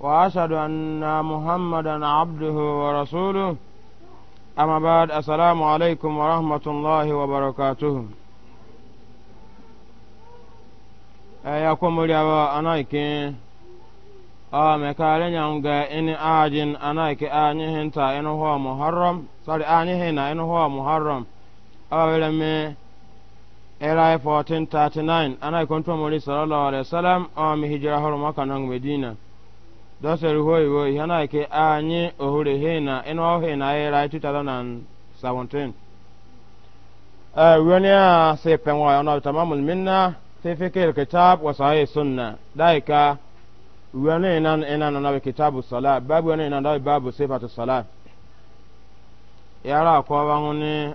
وأشهد أن محمدا عبده ورسوله أما بعد السلام عليكم ورحمة الله وبركاته أيكم اليوا أنايكي a mekare nyamga ini ajin anaiki anyihin ta inu huwa muharram sorry anyihin na inu huwa muharram a wele me era 1439 anaikon tumuri sallallahu alaihi wasallam a mi hijira horo maka nan medina dosere hoi hoi hana ke anyi ohure hena eno hena era 2017 eh wani a se penwa ona tamamul minna se fikir kitab wa sahih sunna daika wani nan ina na kitabu salat babu wani nan dai babu sifatu salat yara ko wangune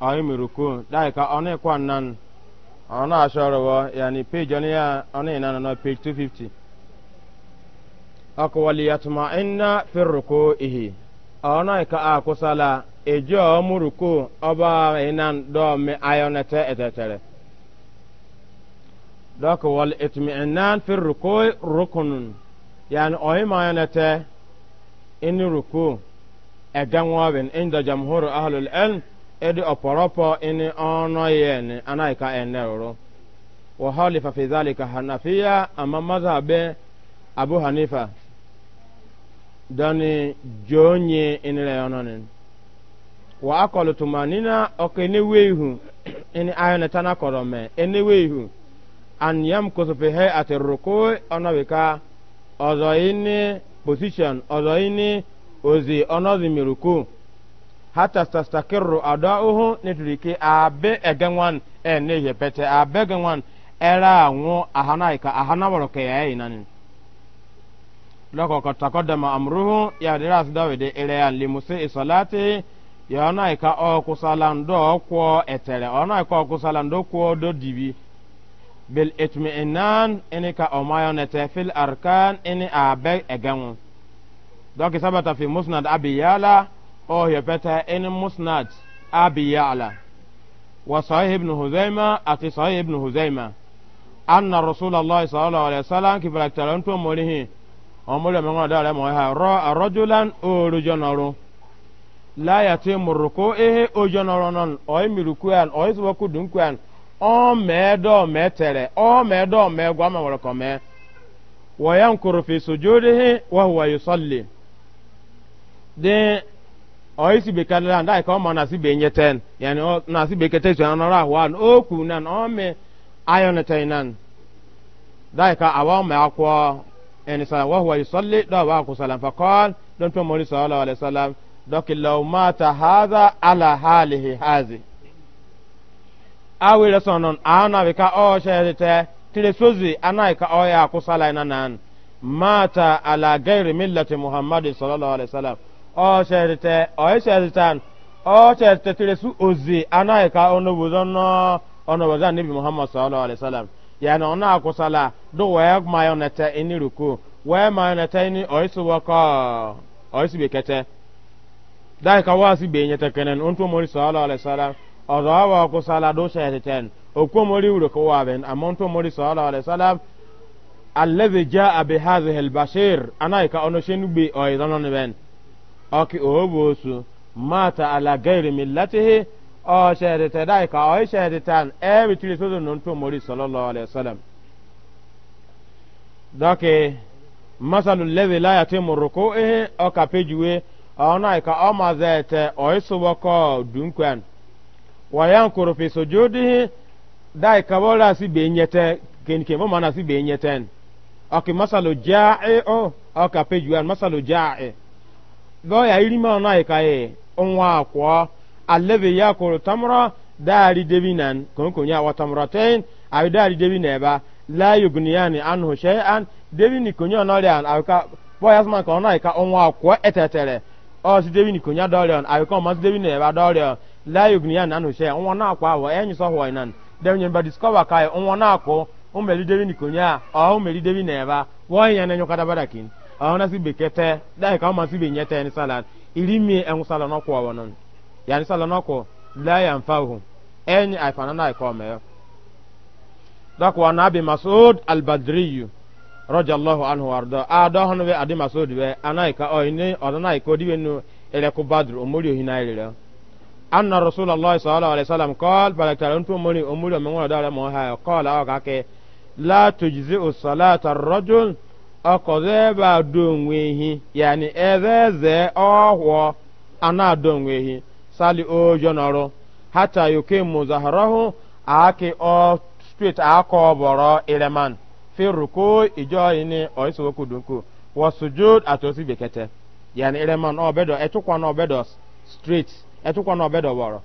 ayi miruku daika ona kwa nan ona asharawa yani na ako waliyatuma inna fi ruku ihi ona ka a kusala ejo mu ruku oba inan do mi ayonete etetere dok wal itmi'innan fi ruku rukunun yani oyi mayonete in ruku eganwabin inda jamhuru ahlul ilm edi oporopo ini ono yeni anaika eneruru wa halifa fi dhalika hanafiya amma madhhabe abu hanifa dani jonye inila yononin wa akọlu tuma nina ọkọ enewe ihu ini ayọna tana kọrọ mẹ enewe ihu an yam kosofe he ati ruku ọnọbika ọzọ ini position ọzọ ini ozi ọnọzi miruku hata stastakiru adọ uhu nítorí kí abe ẹgẹnwan ẹ ní yẹpẹtẹ abe ẹgẹnwan ẹ ra àwọn ahana ìka ahana wọrọ kẹyà ẹ yìí lọ́kọ̀ kọ̀ takọ́dàmà àmúrúhù yàdìrà sí dọ́wìdì ilẹ̀ yà lèmùsẹ̀ ìsọ̀láti yà ọ̀nà ìka ọ̀kùsàlàndọ̀ ọ̀kọ̀ ẹ̀tẹ̀rẹ̀ ọ̀nà ìka ọ̀kùsàlàndọ̀ kọ̀ ọ̀dọ̀ dìbì bil itmi inan ini ka ọ̀mayọ̀ nẹ̀tẹ̀ fil arkan ini àbẹ̀ ẹ̀gẹ̀wọ̀n dọ́kì sábàtà fi musnad abiyala ọ̀hìọ̀ pẹ̀tẹ̀ ini musnad abiyala wa sahih ibn huzaima àti sahih ibn huzaima anna rasulallah sallallahu alayhi wa sallam kìfàlẹ̀ tẹ̀lé ń ọmọlẹ mẹ́wọ́n dára mọ́ ha rọ àrọ́júlan òòrùjọ́nọ́rọ́ láyàtí mùrùkú ihe òjọ́nọ́rọ́ náà ọ̀yí mìrùkú àn ọ̀yí sọ́kú dùnkú àn ọ̀mẹ́dọ̀ mẹ́tẹ̀rẹ̀ ọ̀mẹ́dọ̀ mẹ́gbọ́ àmọ̀wọ̀rọ̀kọ̀ mẹ́ wọ́yá nkùrù fi sojúdihi na na ẹni sàn wọ́n wọ̀ ìsọ́lé dọ̀wọ́ àkùsàlàm fakọ́l lọ́n tó mọ́lì sọ́ọ́lọ́ alẹ́ sàlám dọ́kìlọ́ máa ta hàzà àlà hàlìhì hàzì. awìrẹ sọ̀nà àwọn àbíká ọ̀ṣẹ́ tẹ tìrẹ sózì anáìka ọ̀yà àkùsàlà iná nàn máa ta àlà gẹ́rì mílẹ̀tì muhammadu sọ́ọ́lọ́ alẹ́ sàlám ọ̀ṣẹ́ tẹ ọ̀ṣẹ́ tẹ ọ̀ṣẹ́ tẹ tìrẹ sózì anáìka ọ̀nà yani ona akusala do waya mayonete ini ruku waya mayonete ini oisu waka oisu bekete dai ka wasi benyete kenen onto mori sallallahu alaihi wasallam ọ̀rọ̀ àwọn akusala do shayateten okwo mori uruku waben amonto mori sallallahu alaihi wasallam alladhi jaa bi hadhihi albashir anaika ono shenugbe oizonon ben oki obo su mata ala gairi millatihi ọ dáì ka ọ̀ ṣẹ̀rẹ̀tẹ̀ ẹ̀rì tí lẹ́sọ̀dọ̀ nù tó mọ̀rí sọlọ́lọ́ alẹ́ sọlẹ̀m. dọ́kì masalu lẹ́bi láyà tí mo rò kó ehe ọkà péjúwe ọ̀nà ìka ọmọ zẹ̀tẹ̀ ọ̀ṣọ́wọ́kọ̀ dùnkwan. wàyà ń kúrò fèsò jódìhì dáì ka wọ́n rà sí sí ọkì masalu jáì ọkà péjúwe masalu jáì. irimọ̀ náà ń alladhi yakulu tamra daari debinan konkonya wa tamratain awi daari debine ba la yugniyani anhu shay'an debini konya nolian awi ka boy asman ka onai ka onwa kuwa etetere o si debini konya dolian awi ka mas debine ba dolian la yugni yugniyani anhu shay'an onwa na kuwa wa enyi so ho inan ni ba discover kai e, onwa na ko o meli ni konya o e o meli debine ba wo yan enyo kada barakin ona si bekete dai ka mas bi nyete ni salat irimi en na kuwa kwa wonon yani sala nako la yanfa'uhum enyi aifanana ikome dako wa nabi masud al-badriyu radiyallahu anhu warda ado hono be adi masud be anaika oyni odana ko diwe nu ele ko badru omori ohina ile anna rasulullah sallallahu alaihi wasallam qal balaktarun tu omori omori me ngona dara mo ha qala o kake la tujzi as-salata ar-rajul akozeba donwehi yani ezeze ohwo ana sali o jonoro hata yukimu zahrahu aaki o street aako boro ileman fi ruku ijo ini oisu woku dunku wa sujud atosi bekete yani ileman obedo etukwa na obedo street etukwa na obedo boro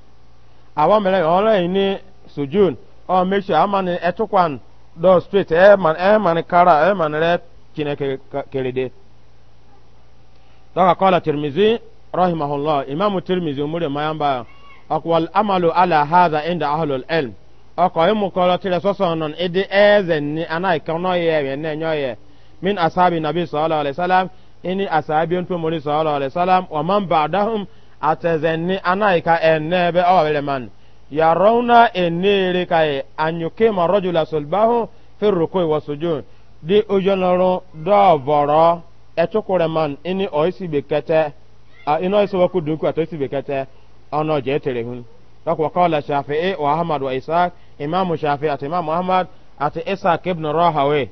awon mele ola ini sujud o mesho amani etukwan do street e man e man kara e man re kine kerede daga qala tirmizi rahimahullah imamu tirmizi umure mayamba akwal amalu ala hadha inda ahlul ilm ọkọ imu kọlọ tire sọsọ nọn ịdị eze ni anaghị ka ọ yẹ wee na-enye ya min asabi nabi sallallahu alaihi wasallam ini asabi ntu muri sallallahu alaihi wasallam wa man ba'dahum atazenni anaghị ka enebe ọ were man yarawna enere ka anyuke ma rajula sulbahu fi rukui wa sujud di ujonoro do boro etukureman ini oisi bekete ino iso waku duku atoisi bekete ono je tere hun tak wa qala shafi'i wa ahmad wa isaq imam shafi'i at imam ahmad at isaq ibn rahawi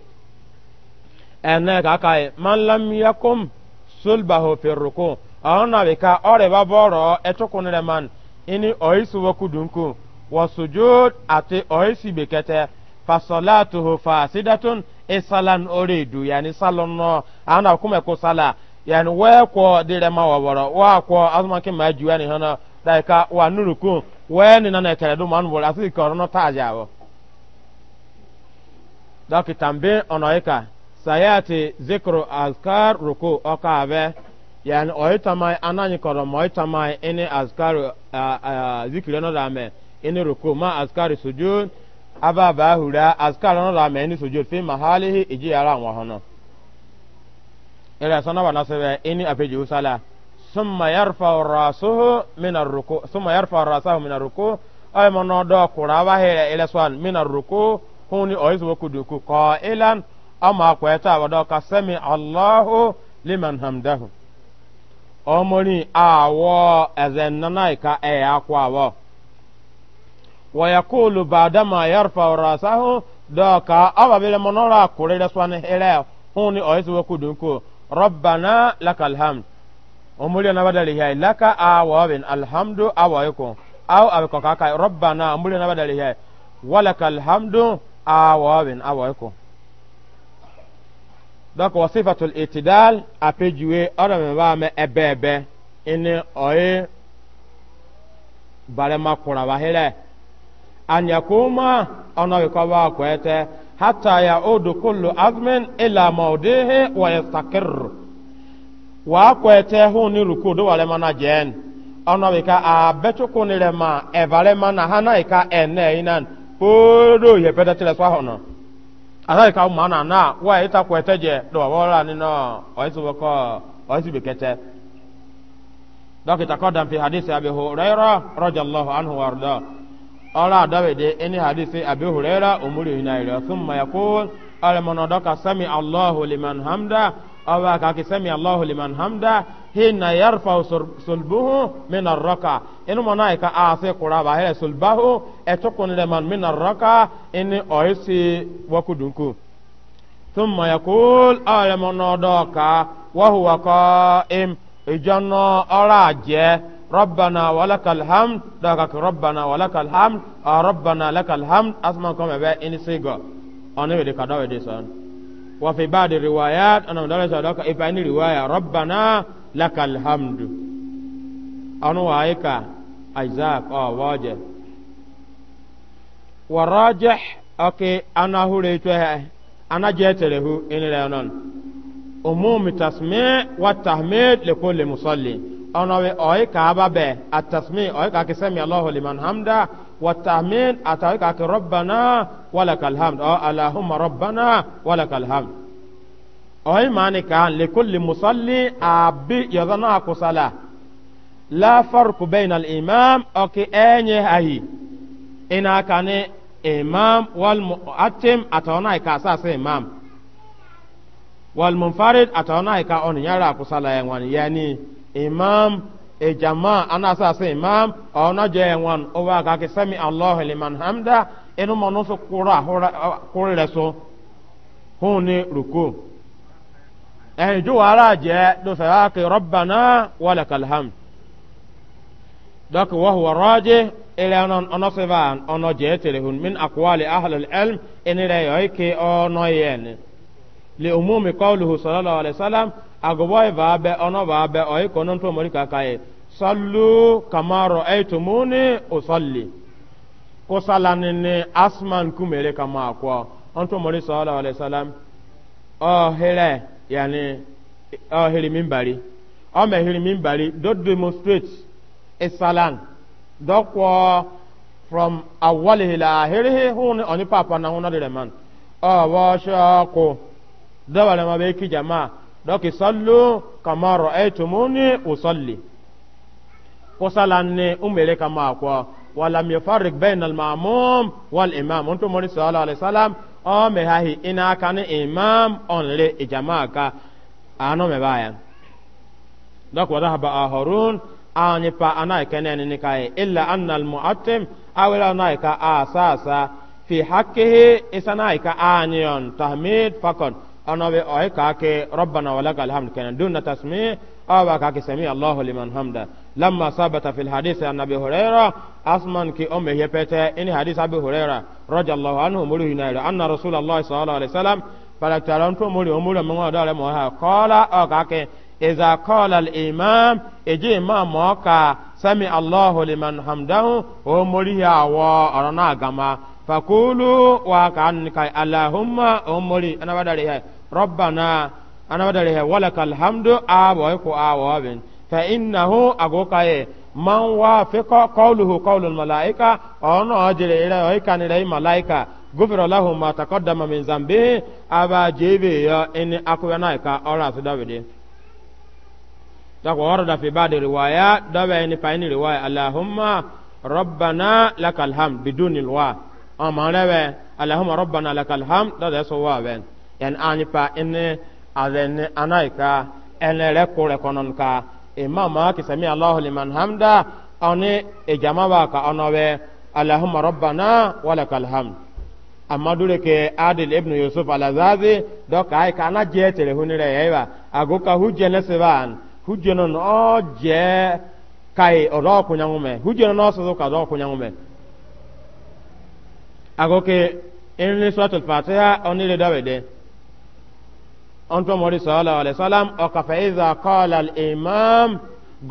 ene ka kai man lam yakum sulbahu fi ruku ona be ka ore ba boro etukun re man ini oisu waku dunku wa sujud ati oisi bekete fa salatuhu fasidatun isalan ore du yani salon no ana kuma ko sala yani wee kwọ dịrị ma wọbọrọ waa kwọ azụmahịa ma ji wani hana daika wa nuruku wee ni na ekere dum anụ bụrụ asị ka ọrụ nọta aja ahụ dọkịta mbe ọnọyịka sayati zikru azkar ruku ọka abe yani ọyịtamai ananyị kọrọ ma ọyịtamai ịnị azkar zikiri ọnọdụ ame ịnị ruku ma azkar sujud ababa hura azkar ọnọdụ ame ịnị sujud fi mahalihi iji yara nwa ọhụrụ ila sana wana sebe ini apeji usala summa yarfa rasuhu min arruku summa yarfa rasuhu min arruku ay mono do kuraba hele ila swan min arruku huni oizu wokuduku qailan ama kweta wado kasami allahu liman hamdahu omori awo ezen nanai ka e akwa awo wa yaqulu ba'dama yarfa rasuhu do ka awabile monora kurele huni oizu wokuduku rabbana lakal hamd omuli na badali hiya laka awabin alhamdu awaikum aw abiko kaka rabbana omuli na badali hiya walakal hamdu awabin awaikum dɔk wa sifatul itidal apejuwe ɔdɔ mi baa mɛ ɛbɛɛbɛ ini ɔye barema kura ba anyakuma ɔnɔ bi kɔ baa hatta yaudu kullu azmin ila maudihi wa yastakir wa kwete hu ni rukudu wale mana jen ona bika a betu kunire ma evale mana hana ika ene inan podo ye peda tele swa hono ana ika mana na wa ita kwete je do wala hadisi ألا دبد إن حديث أبي هريرة أمري هنا ثم يقول المنادك سمع الله لمن حمده أو كاك سمع الله لمن حمده حين يرفع صلبه من الركعة إن منايك آسي قرابة هي صلبه أتكون لمن من الركعة إن أيسي وكدنكو ثم يقول المنادك وهو قائم إجانا أراجه ربنا ولك الحمد دكك ربنا ولك الحمد آه، ربنا لك الحمد اسمع كما با ان سيغا انا ودي كدا ودي سان وفي بعض الروايات انا مدرس دك اباني روايه ربنا لك الحمد انا وايكا ايزاك او آه، واجه وراجح اوكي انا هو هريته انا جيت له ان لا نون umumi tasmi wa tahmid li ọ̀nà wẹ̀ ọ̀yẹ́ kàába bẹ̀ àtàsmí ọ̀yẹ́ kàkí sẹ́mi aláhu liman hamda wàtàmín àtàwẹ́ kàkí rọ́bànà wàlẹ̀ kàlhamd ọ̀ aláhùmà rọ́bànà wàlẹ̀ kàlhamd. ọ̀yẹ́ màánì kan lèkúlì musalli àbí yọ̀dánà àkùsàlà láfàrùkù bẹ́yìn al imam ọ̀kì ẹ̀yẹ ayi iná kàní imam wàlmù atim àtàwọn náà kà sàásẹ̀ wàlmù farid àtàwọn náà ọ̀nìyàrá àkùsàlà ẹ̀ wọ̀nyẹ́ni imam e jama ana sa se imam ona je wan o wa ka ke sami allah liman hamda enu mo no so kura hora kura le so huni ruku e ju ara je do sa ke rabbana walakal hamd dak wa huwa raji ila e non ono se van ono je tere hun min aqwali ahli al ilm en yoy ke ono yen li umumi qawluhu sallallahu alaihi wasallam agoboy baabe ono baabe oyi konon to mori kakaye sallu kama ra'aytumuni usalli ko salanini asman kumere kama akwa onto mori sallallahu alaihi wasallam o hele yani o hele minbari o me hele minbari do demonstrate isalan do ko from awwalihi la ahirihi huni oni papa na huna dịrị man ọ bụ oh, wo shako dọwara ma be jama. jamaa dɔki sallu kama ra'aytumuni usalli kusalanni umere kama kwa walam yufarrik bayna al-ma'mum wal imam unto mori sallallahu alaihi wasallam o me hahi ina kan imam onle ijamaa ka ano me baya dɔki wadahaba ahorun anyi pa anai keneni ni kai illa anna al-mu'attim awila anai ka fi haqqihi isanai ka tahmid fakon انا وي اي كاكي ربنا ولك الحمد كان دون تسمي او كاكي سمي الله لمن حمد لما ثبت في الحديث عن ابي هريره اسمن كي أمي هي بيت ان حديث ابي هريره رضي الله عنه مولى ان رسول الله صلى الله عليه وسلم فلكترن تو مولى مولى من هذا له مها قال او آه كاكي اذا قال الامام اجي ما موكا سمي الله لمن حمده هو مولى هو ارنا غما fakulu wa kan kai allahumma umuri ana badare he rabbana ana badare he walakal hamdu abo ko awo bin fa innahu agoka ye man wa fiqa qawluhu qawlul malaika ono ajire ira o kan ira malaika gufira lahu ma taqaddama min zambi aba jebe ya in akuyana ka ora su dawide tako warada fi ba'di riwaya dawa ni fa ni riwaya allahumma rabbana lakal hamd bidunil wa amana we allahumma rabbana lakal hamd da da so wa we en ani pa en aden anaika en re ko re konon ka imama ki sami allah liman hamda oni e jamawa ka ono we allahumma rabbana walakal hamd ke adil ibn yusuf alazazi do ka ai kana je tere hunire yaiwa agoka hujje ne seban hujje non o je kai oro kunyangume hujje non o so ka do kunyangume agoke enri suratul fatiha onire dawede onto mori sallallahu alaihi wasallam o ka fa iza qala al imam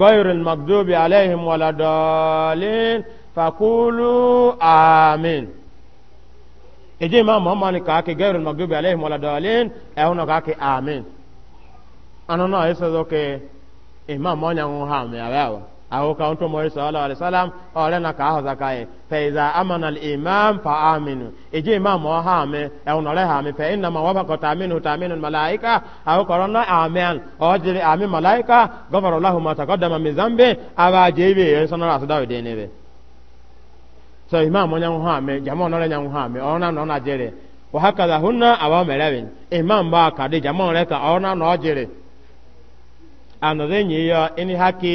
غير المغضوب عليهم ولا ضالين فقولوا آمين eje imam muhammad ka ke غير المغضوب عليهم ولا ضالين e hono ka ke آمين anono eso ke imam mo nyangu ha me awawa awo ka onto mori sallallahu alaihi wasallam ore na ka ho zakaye fa iza amana al imam fa aminu eje imam o ha me e ono re ha me fa inna ma wafa qata aminu ta aminu al malaika awo korona amen o jiri amin malaika gafara lahu ma taqaddama min zambi aba jebe en sono rasu dawo de nebe so imam onya ha me jama ono re nya ha me ona no na jere wa hakaza hunna awa merewin imam ba ka de jama re ka ona no jere anodenye yo ini haki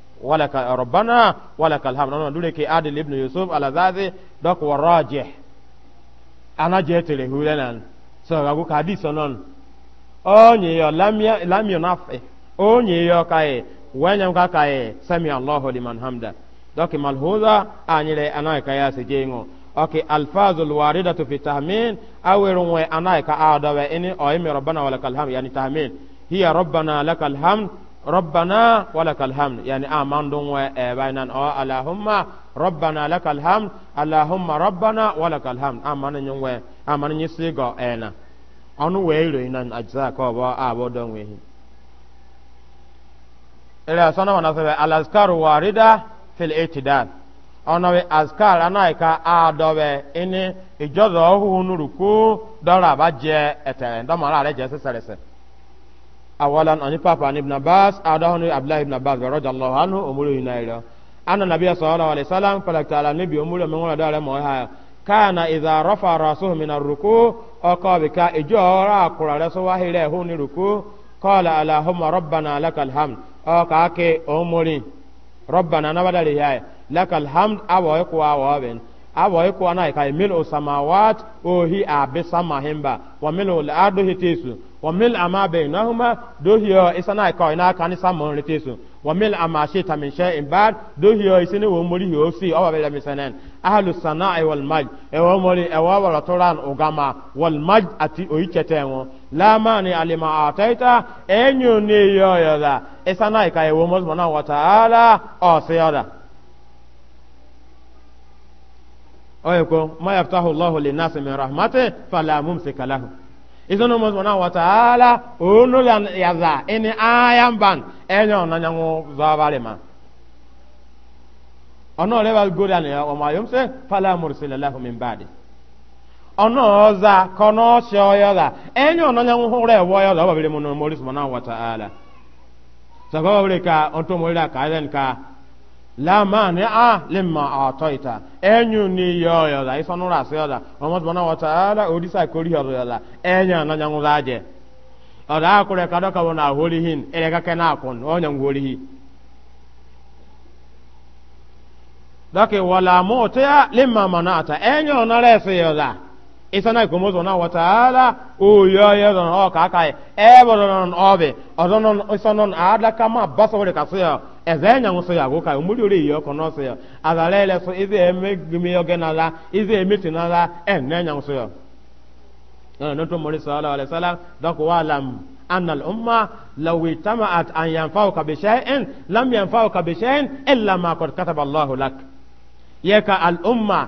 walaka rabbana walaka alhamdu non dule ke adil ibn yusuf ala zazi dok wa rajih ana je tele hulenan so ga go hadith non onye yo lamya lamya nafi onye yo kai wanya ka kai sami allah liman hamda dok malhuza anyile ana kai asijengo okay alfazul waridatu fi tahmin awirun wa ana ka adawa ini oymi rabbana walaka alhamd yani tahmin hiya rabbana lakal hamd ربنا ولك الحمد يعني آمان دون وإبانا أو اللهم ربنا لك الحمد اللهم ربنا ولك الحمد آمان و آمان يسيقى أنا أنو ويلو إنان أجزاء كوبا أبو دون ويهي إلا سنة ونصف الأذكار واردة في الاعتدال أنا azkar anáìka أنا ẹni ìjọ́dọ̀ إني nùrùkú dọ́là bá jẹ ẹ̀tẹ̀rẹ̀ ndọ́mọ̀lá rẹ̀ jẹ́ sẹ́sẹ̀rẹ̀sẹ̀ awalan ani papa ani ibn abbas adahunu abdullahi ibn abbas radiyallahu anhu umuru yunaira anna nabiyya sallallahu alaihi wasallam falakta ala nabi umuru min wala dare mo ha kana idha rafa rasuhu min ar-ruku aqabika ijora akurare so wa hire hu ni ruku qala allahumma rabbana lakal hamd aka ke umuri rabbana nabadali ya lakal hamd awo ko awo ben awo ko na kai mil samawat ohi abisama himba wa mil al-ardu hitisu wamil ama bɛn nahuma dohiyo isana ikaw ina kani samun ritesu wamil ama shi tamin shay in bad dohiyo isini wo mori hiyo si awa bɛ dami sanan ahlu sana'i wal majd ewo mori ewo wala ogama wal ati oyi cete ŋo laama ni alima ataita enyo ne yoyo da isana ikaw ewo mori mana wata ala ɔsiyo da. oye ko ma yaftahu llahu linnasi min rahmati fala mumsika lahu izono mo zona wa taala onu ya yaza ini ayam ban enyo na nyangu zabale ma ono le bal godan ya o ma yum se fala mursila lahu min ba'di ono za kono sho yola enyo na nyangu hore wo yola ba bele mo no mo ris na wa taala sababa bele ka onto mo ila ka ka la mani a lemma atoita enyu ni yoyo la ifa nura asioda omo subhanahu wa ta'ala odisa kori yoyo la enya na nyangu laje oda akure kado ka bona holi hin ele ka kana akon onya ngoli na rese yoyo isana ikomozo na wataala uyo yedo na oka akai ebo do non obe odonon isonon ada kama baso wole kasuya ezenya nguso ya goka umuri ori yo kono so ya adalele so ize emegimi yogenala ize emitinala enenya nguso ya na no to mori sallallahu alaihi wasallam dako walam أن الأمة لو اجتمعت أن ينفعوك بشيء لم ينفعوك بشيء إلا ما قد كتب الله لك يك الأمة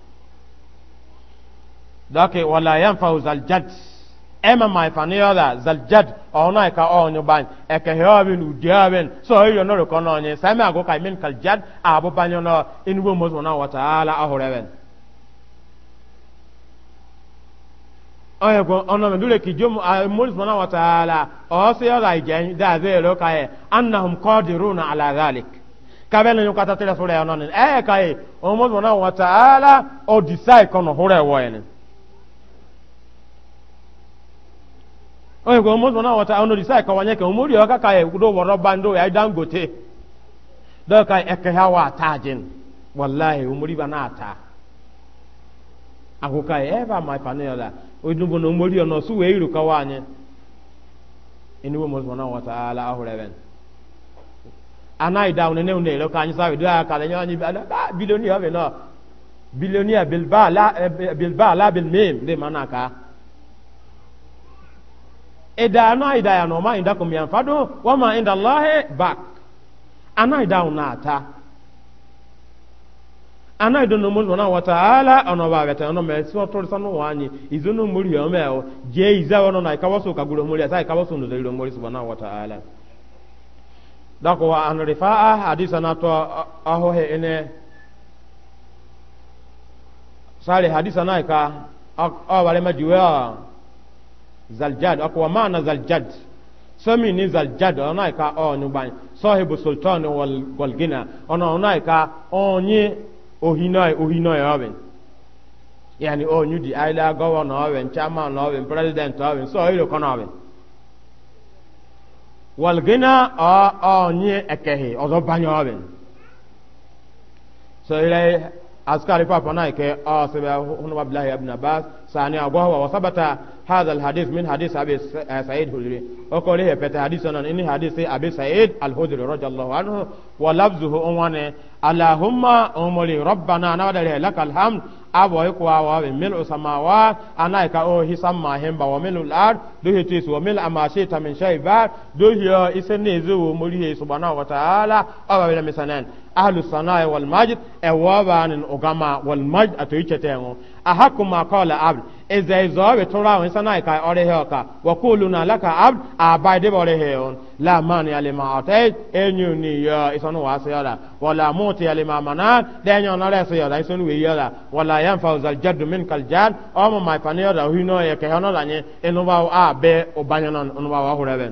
dɔke wala yan fa zaljad ɛma ma ifa ne yɔda zaljad ɔhuna ika ɔhunyu ban ɛkɛ hɛ ɔbin udiya bin so ɔyi yɔ nori kɔnɔ ɔnyi sɛmɛ ago ka min kaljad abo ban yɔnɔ inubu musu na wata ala ahorɛ bin ɔyɛ ko ɔnɔ mi dule ki jom a musu na wata ala ɔsi yɔda ijɛn daa zɛ yɛlɛ ka yɛ annahum kɔdiruna ala zalik kabɛlɛ nyɔ kata tɛlɛ sɔrɔ yɛ ɔnɔ ni ɛyɛ ka yɛ ɔmusu na wata ala ɔdisa ikɔnɔ horɛ wɔyɛ ni. onye gwe mụzụ na wata ọnụ risa kawanye ka omori ọka ka ekwudo wọrọ ba ndị ya ịda dangote dọka eke ha wa ata jin wallahi omori ba na ata akwụka ebe ma ifanela odugbo na omori ọ nọsụ wee iru kawa anyị enuwe mụzụ na wata ala ahụrụ ebe anaghị dawn na ne ka anyị sawe dịa aka nye anyị bidonia ọbịa nọ bidonia bilba ala eh, bilmim dị ma na aka ida na ida ya ma inda kum yanfado wa ma inda Allah bak ana ida ata ana ida no mo na wa taala ono ba beta ono me so ụwa anyị izu wanyi mmiri ya o me o je ize ono na ka ka guro mmiri sai ka waso na atọ ene hadisa na zaljad akwa maana zaljad sami ni zaljad ona ka onyu ban sahibu sultan wal golgina ka onye ohinoi ohinoi awen yani onyu di aila governor awen chairman awen president awen so ile kono awen wal gina onye ekehi ozo banyo so askari papa na bụ na sani agwa هذا الحديث من حديث أبي سعيد الخدري وقال له بيت حديث أن إن حديث أبي سعيد الخدري رضي الله عنه ولفظه أمانة اللهم أملي ربنا نودع لك الحمد أبو يقوى وملء السماوات أنا كأو هسم هم وملء الأرض ده تيس وملء ما شئت من شيء بعد ده إسنيزو مليه سبحانه وتعالى أبو بلا مسنان أهل الصناعة والمجد أوابان أغما والمجد أتويتشتهم أحكم ما قال عبد eze izo obi tura ahụ isana ika ọrịhịa ọka wakulu na alaka abd abaidebe ọrịhịa on la mani yalima ọta enyu ni yo isanu wa asị ọda wala muti yalima mana da enyo nọrọ esi ọda isanu wi yọda wala ya mfa ụzal jadu min kal jad ọmụ ma ifani ọda ohi nọ ya kehe ọnọda nye enuba a be ụbanye nọ ọnụba wa hụrụ ebe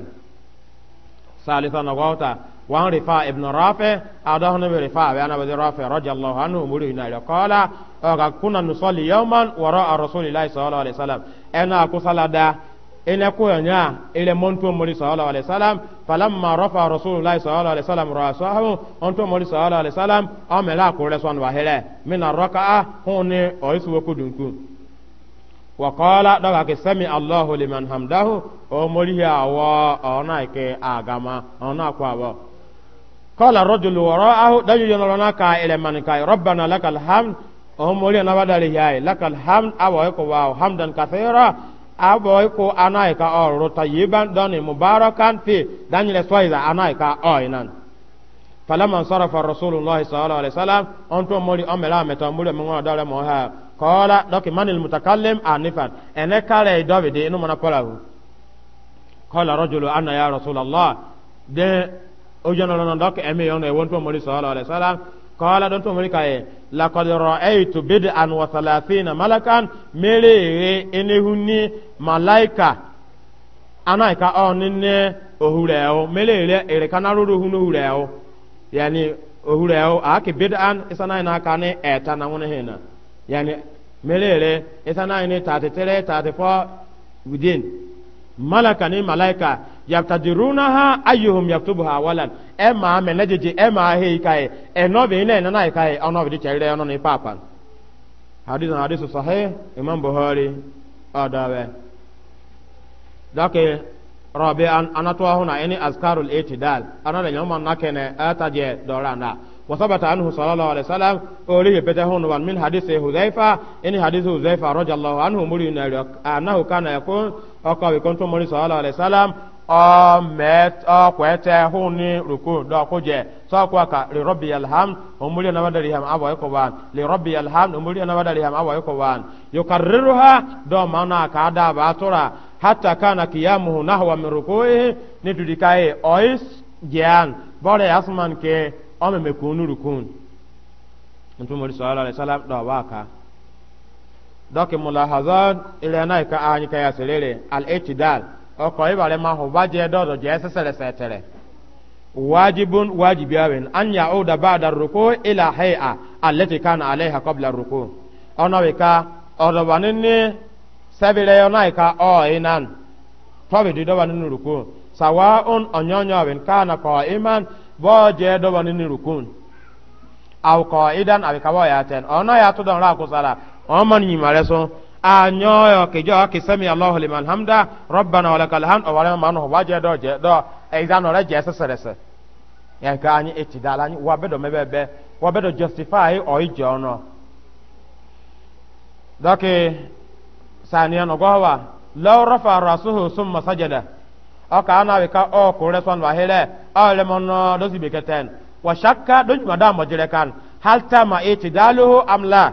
salisa na gwauta وعن رفاع ابن رافع أعضاهن برفاع بأنا بدي رافع رضي الله عنه أمره هنا قال كنا نصلي يوما وراء رسول الله صلى الله عليه وسلم أنا أكو صلاة ina koyanya ile monto mori sallallahu alaihi wasallam falamma rafa rasulullah sallallahu alaihi wasallam rasahu onto mori sallallahu alaihi wasallam amela ko reswan wa hele min arqa'a hone oisu ko dunku wa qala daga ke sami allah liman hamdahu o mori ya wa ona ke agama ona kwa wa kọ́lá rọ́jòlù wọ̀rọ̀ áhù dájú yẹn lọ́nà ká ilẹ̀ mànìkà rọ́bànà lákàlhámd ọ̀hún mọ̀rí ẹ̀ nábàdà lè yá ẹ̀ lákàlhámd àwọ̀ ẹ̀kọ́ wà ó hamdan kàfẹ́rà àwọ̀ ẹ̀kọ́ anáìka ọ̀rọ̀ tàyébán dọ́ni mubarakan fi dánilẹ̀ sọ́yìdà anáìka ọ̀ìnan. falama sọ̀rọ̀ fa rasulillahi sallallahu alayhi wa sallam ọ̀n tó mọ̀rí ọ̀mẹ̀rẹ̀ àmẹ̀tọ̀ mọ̀rí mọ̀ngàn ọ̀dọ́rẹ̀ mọ̀ ha kọ́lá dọ́kì manil mutakallim anifan ẹ̀nẹ́ kárẹ̀ ìdọ́bìdì inú mọ̀nà kọ́lá hù. kọ́lá rọ́jòlù anna ya rasulallah de ojono non dok eme yon e wonto mori sallallahu alaihi wasallam qala don to mori kae laqad ra'aytu bid'an wa thalathina malakan mere enehuni malaika anaika onne ohureo mere ere kana ruru hunu hureo yani ohureo aki an isana ina kane eta na wona hena yani mere ere isana ina 33 34 within malaka ni malaika yabtadirunaha ayyuhum yaktubuha awalan e ma me najeje e ma he kai e no be ne na kai ono be chere ono ni papa hadith hadith sahih imam buhari adawe dake rabi an anatwa huna yani azkarul itidal ana da nyoma nakene ataje dorana وثبت عنه صلى الله عليه وسلم أوليه بتهون وان من حديث حذيفة إن حديث حذيفة رضي الله عنه مرينا أنه كان يقول أقوى كنتم مري صلى الله عليه وسلم ọkwẹtẹ hún ní rukú dọkújẹ sọkwa ka lèrọbì alham omúlí anabada riham awọ ikọ wan lèrọbì alham omúlí anabada riham awọ ikọ wan yọkariru ha dọ mana ka da ba tura hatta kana kiyamuhu nahwa min rukuhi ni dudikai ois jian bọrẹ yasman ke ọmẹmẹ kunu rukun ntumori sọlá alẹ sálám dọ wa ka dọkì mulahazan ilẹ̀ náà ka anyi ka yasirere al-ihtidal ọkọ̀ ịbara ma hụ ba jee dọdọ jee sesere setere wajibun wajibi awin an ya o ruko ila hai'a allati kana alaiha qabla ruko ona we ka ọdọba nínú sẹbìrẹ ọ̀nà ìka inan tọ́bi di dọ́ba nínú ruko sawa un ọ̀nyọ́nyọ́ awin kana kọ iman bọ́ jẹ́ dọ́ba nínú ruko awukọ idan abikabọ ya tẹ ọ̀nà ya tó dọ̀nra kó ọmọ nìyí ma rẹ anyoyo kijo ki sami Allahu liman hamda rabbana walakal hamd o wala manu waje do je do eizan ore je se sere se ya ka anyi etidala anyi wa bedo mebebe wa bedo justify o ije ono doki saniya no gowa law rafa rasuhu summa sajada o ka ana we ka o ko reson wa hele o le mono do sibeketen wa shakka do da mo jere kan hal tama etidaluhu amla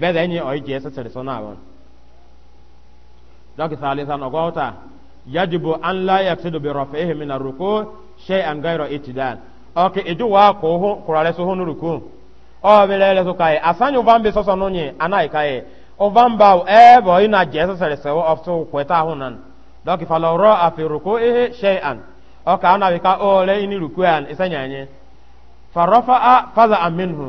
bɛɛ enyi ɔyi jɛ sɛsɛrɛ sɔnna awon dɔki saali san ɔgɔta yajibu an la yafsidu bi rafihi min arruku shay'an ghayra itidan ɔki iju wa ko ho kurale so honu ruku ɔ bele le so kai asanyu van be soso no nye anai kai o van ba e bo ina jɛ sɛsɛrɛ sɛ of so kweta honan dɔki fala ro afi rukuhi shay'an ɔka ana bi ka o le ini ruku an isanyanye farafa faza aminhu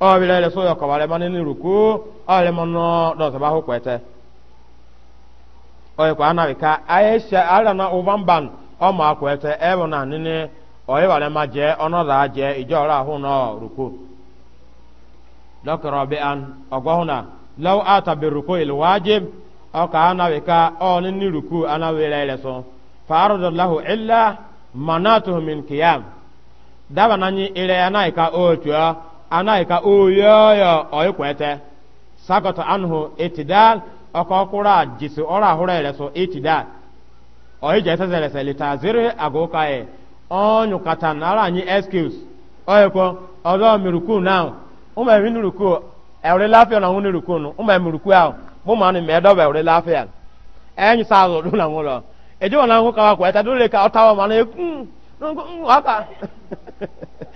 ọbịla ele so ya kọbara ebe nínú ruku ọrịa mọ nọ dọtọ bá hó pẹtẹ ọyẹ kọ anabi ka ayé ṣe ara na ovanban ọmọ akwẹtẹ ẹbọ e na nínú ọyẹ wàlẹ ma jẹ ọnọdà jẹ ije ọrụ ahụ nọ ruku dọkọrọ bi an ọgọhuna lọwọ atabi ruku ìlúwájib ọkọ anabi ka ọ nínú ruku anabi ele ele so fàárọ̀ dọ̀láhù ilá manatuhu min kiyam dábàá nanyi ilẹ̀ yẹn náà ìka ó tuya. anaika oyoyo anụhụ sakọtọ anhu itidal a jisi ọrụ ahụrụ ereso itidal oije eseserese litaziri agụkaye ọnyụkata nara anyị excuse oyekwo ọzọ miruku na ụmụ nuruku ewere lafiya na nwunye ruku nu ụmụ emi bụ ahụ ma nụ mmedobe enyi sa na ka mana mm, mm, ekwu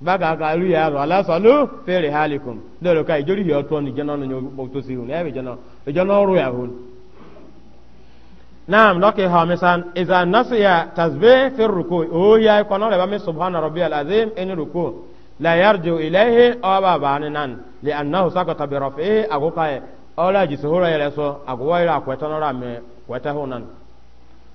baka ka lu ya ro ala salu fere halikum dole ka ijori hi oto ni jana no bo to si hun ebe jana e jana ro ya hun naam loke ha misan iza nasiya tasbih fi ruku o ya ko no le ba mi subhana rabbiyal azim in ruku la yarju ilayhi aw ba banan li annahu sakata bi rafi'i agoka ola ji suhura ya leso agwa ira kweta no ra me kweta hunan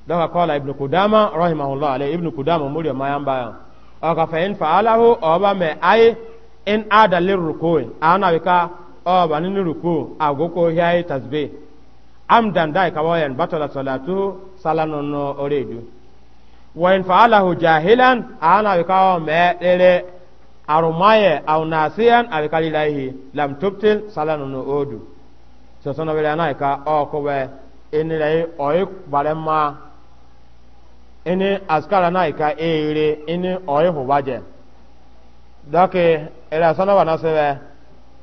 dawa qala ibnu qudama rahimahullah alayhi ibnu qudama muri mayamba ọka fẹ̀yìn fàálàhù ọba mẹ ayé in adalin rukoin ana wika ọba nínú ruko agogo yayi tasbe amdan dai kawayan batala salatu salanu no oredu wa in fa'alahu jahilan ana wika mẹ dere arumaye aw nasiyan awika lilahi lam tubtil salanu no odu sosona wele ana ka ọkọ wẹ enilayi ọyik barema ini askara na ika ere ini oihu baje dake ere sana wana sebe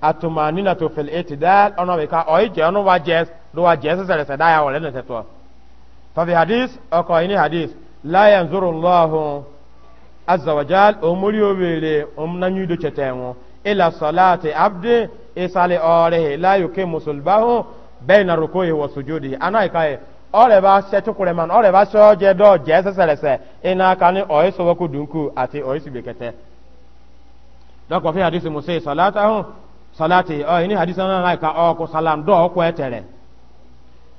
atumani na tofil itidal ona bika oije onu waje do waje sesere seda ya wale ne tetwa fa fi hadis oko ini hadis la yanzuru allah azza wa jal omuri obere omnanyu do chetenwo ila salati abdi isali orehe la yukimu sulbahu baina rukuhi wa sujudi ana ikaye ọrẹ bá ṣe tukure man ọrẹ bá ṣe ọjẹ dọ jẹ sẹsẹrẹsẹ iná aka ní ọyẹ sọwọkú dunkù àti ọyẹ sì gbẹkẹtẹ. dọkọ fi hadisi musa salata hun salati ọ ní hadisi náà láì ka ọkọ salam dọ ọkọ ẹtẹrẹ.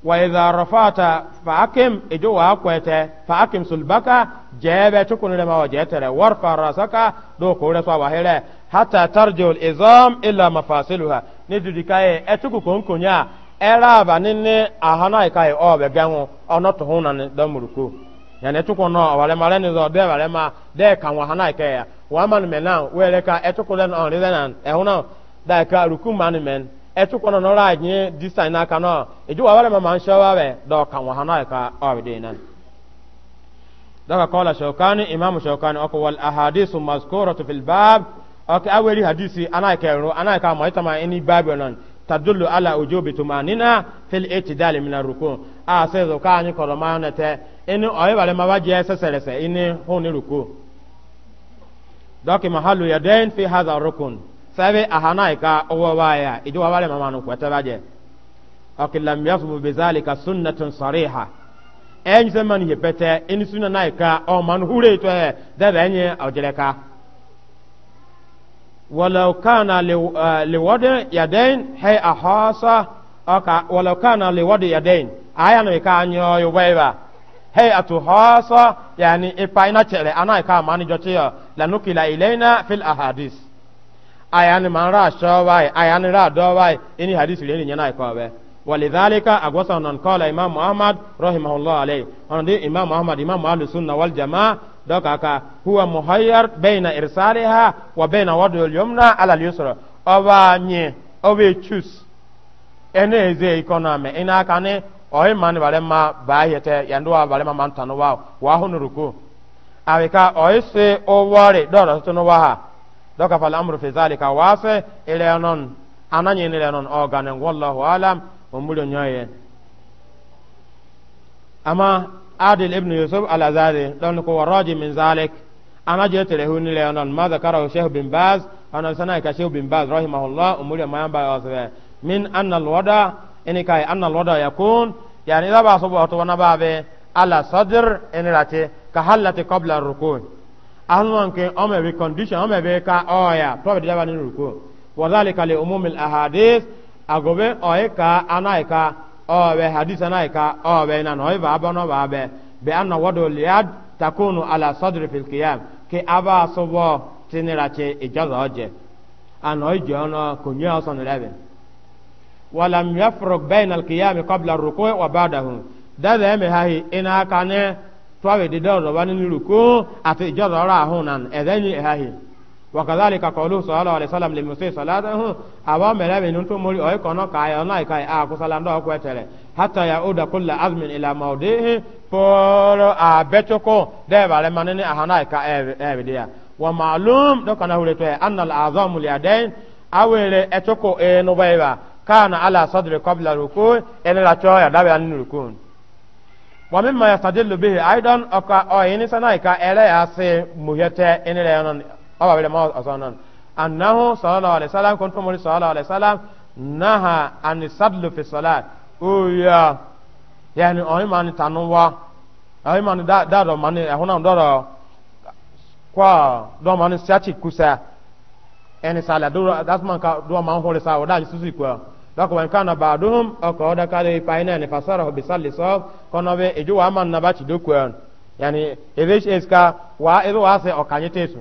wàyíza rọfàtà fàákìm ìjọ wà ọkọ ẹtẹ fàákìm sulbaka jẹẹbẹ tukun rẹ ma ọ jẹ tẹrẹ wọrfà rasaka dọkọ rẹ sọ wàhírẹ hata tarjol izam ilà mafasiluha ní dudika yẹ ẹtukù kòńkònyà eraba nene ahana ikai obe ganwo ono to huna ne da muruko ya ne tuko no wale mare ne zo de wale ma de kan wa hana ikai ya wa man menan wele ka etuko den on renan e huna da ka ruku man men etuko no no raje design aka no eju wa wale ma man shawa be do kan wa hana ikai obe de nan daga kola shaukani imam shaukani oko wal ahadithu mazkuratu fil bab ok aweli hadisi anaika ro anaika ma itama ini babilonon tadullu ala ujubi tumanina fil itidal min arruku a se zo ka ni koro maana te ini oye bale ma waje sesere se ini huni ruku doki mahalu yadain fi hadha rukun sabe ahana ka owo waya ijo wale mama no kwata baje akin lam yasbu bi zalika sunnatun sariha en zaman yepete ini sunna naika o man hure to e da benye ojeleka ولو كان لوضع يدين هي أحاصة أكا ولو كان لوضع يدين أيا نيكا نيو يبايبا هي أتحاصة يعني إباينا تشلي أنا إكا ماني جوتيو لنكل إلينا في الأحاديث أيا نمارا شواي أيا نرا دواي إني حديث ليني نينا إكوابي ولذلك أقوصا أن قال إمام محمد رحمه الله عليه أنا دي إمام محمد إمام أهل السنة والجماعة donc aka huwa muhayyar bayna irsaliha wa bayna wadu al-yumna ala al-yusra oba nye oba choose ene eze economy ina aka ni oyi man bare ma ba yete yandu wa bare ma man tanu wa wa hunu ruku awika oyi se owore do do tunu wa ha doka fa al-amru fi zalika wa fa ila non ananye ni non o ganen wallahu alam umulo nyoye ama adil ibn yusuf al-azari don ko waraji min zalik ama je tere huni le onon ma zakara sheikh bin baz onon sana ka sheikh bin baz rahimahullah umuri ma yamba yasbe min anna al-wada ini kai anna al-wada yakun yani da ba so to wana ba ala sadr ini rate ka halati qabla ar-rukun ahlon ke o me be condition o me be ka oya to be da ni ruku wa zalika li umum al-ahadith agobe oya ka anaika ọbẹ hadisa náà ika ọbẹ nana ọyẹba abọ náà bàbẹ bẹ ana wọdọ liad takunu ala sọdiri filkiyam kí abá asọbọ tìnnìràkye ìjọba ọjẹ ana ọjẹ ọnà kò nyẹ ọsàn rẹbẹ. wàlám yafuruk bẹ́ẹ̀ni alkiyam kọ́bla rukú wà bàdàhùn dẹ́dẹ́ ẹ̀mí hahi iná kanẹ́ tọ́wé dídá ọ̀dọ́ba nínú rukú àti ìjọba ọ̀rọ̀ àhùn nan ẹ̀dẹ́ ní ẹ̀hahi. وكذلك قوله صلى الله عليه وسلم لمسيء صلاته أبا ملابي ننتو مولي أي كنا كاي أنا كاي أكو سلام دو أكو أتلي حتى يعود كل عزم إلى موضعه فولو أبتكو ده بالي منني أهنا كاي أبديا ومعلوم دو كنا هولي توي أن الأعظم اليدين أولي أتكو إيه نبايبا كان على صدر قبل الركوع إن لا تشوي دابي أن الركوع ومما يستدل به أيضا أكا أو إنسان كاي إلي أسي مهيتة إن لا ينن awa bere ma asanan annahu sallallahu alaihi wasallam kun tumuri sallallahu alaihi wasallam naha an sadlu fi salat o ya yani o man tanuwa o man da da do man e hona do do kwa do man siachi kusa en sala do das man ka do man hore sa o da susi kwa dako wan kana ba'duhum aka oda kale paina ne fasara bi salli so kono be eju wa man na ba ci do kwa yani evish eska wa ezo wa se o kanyetesu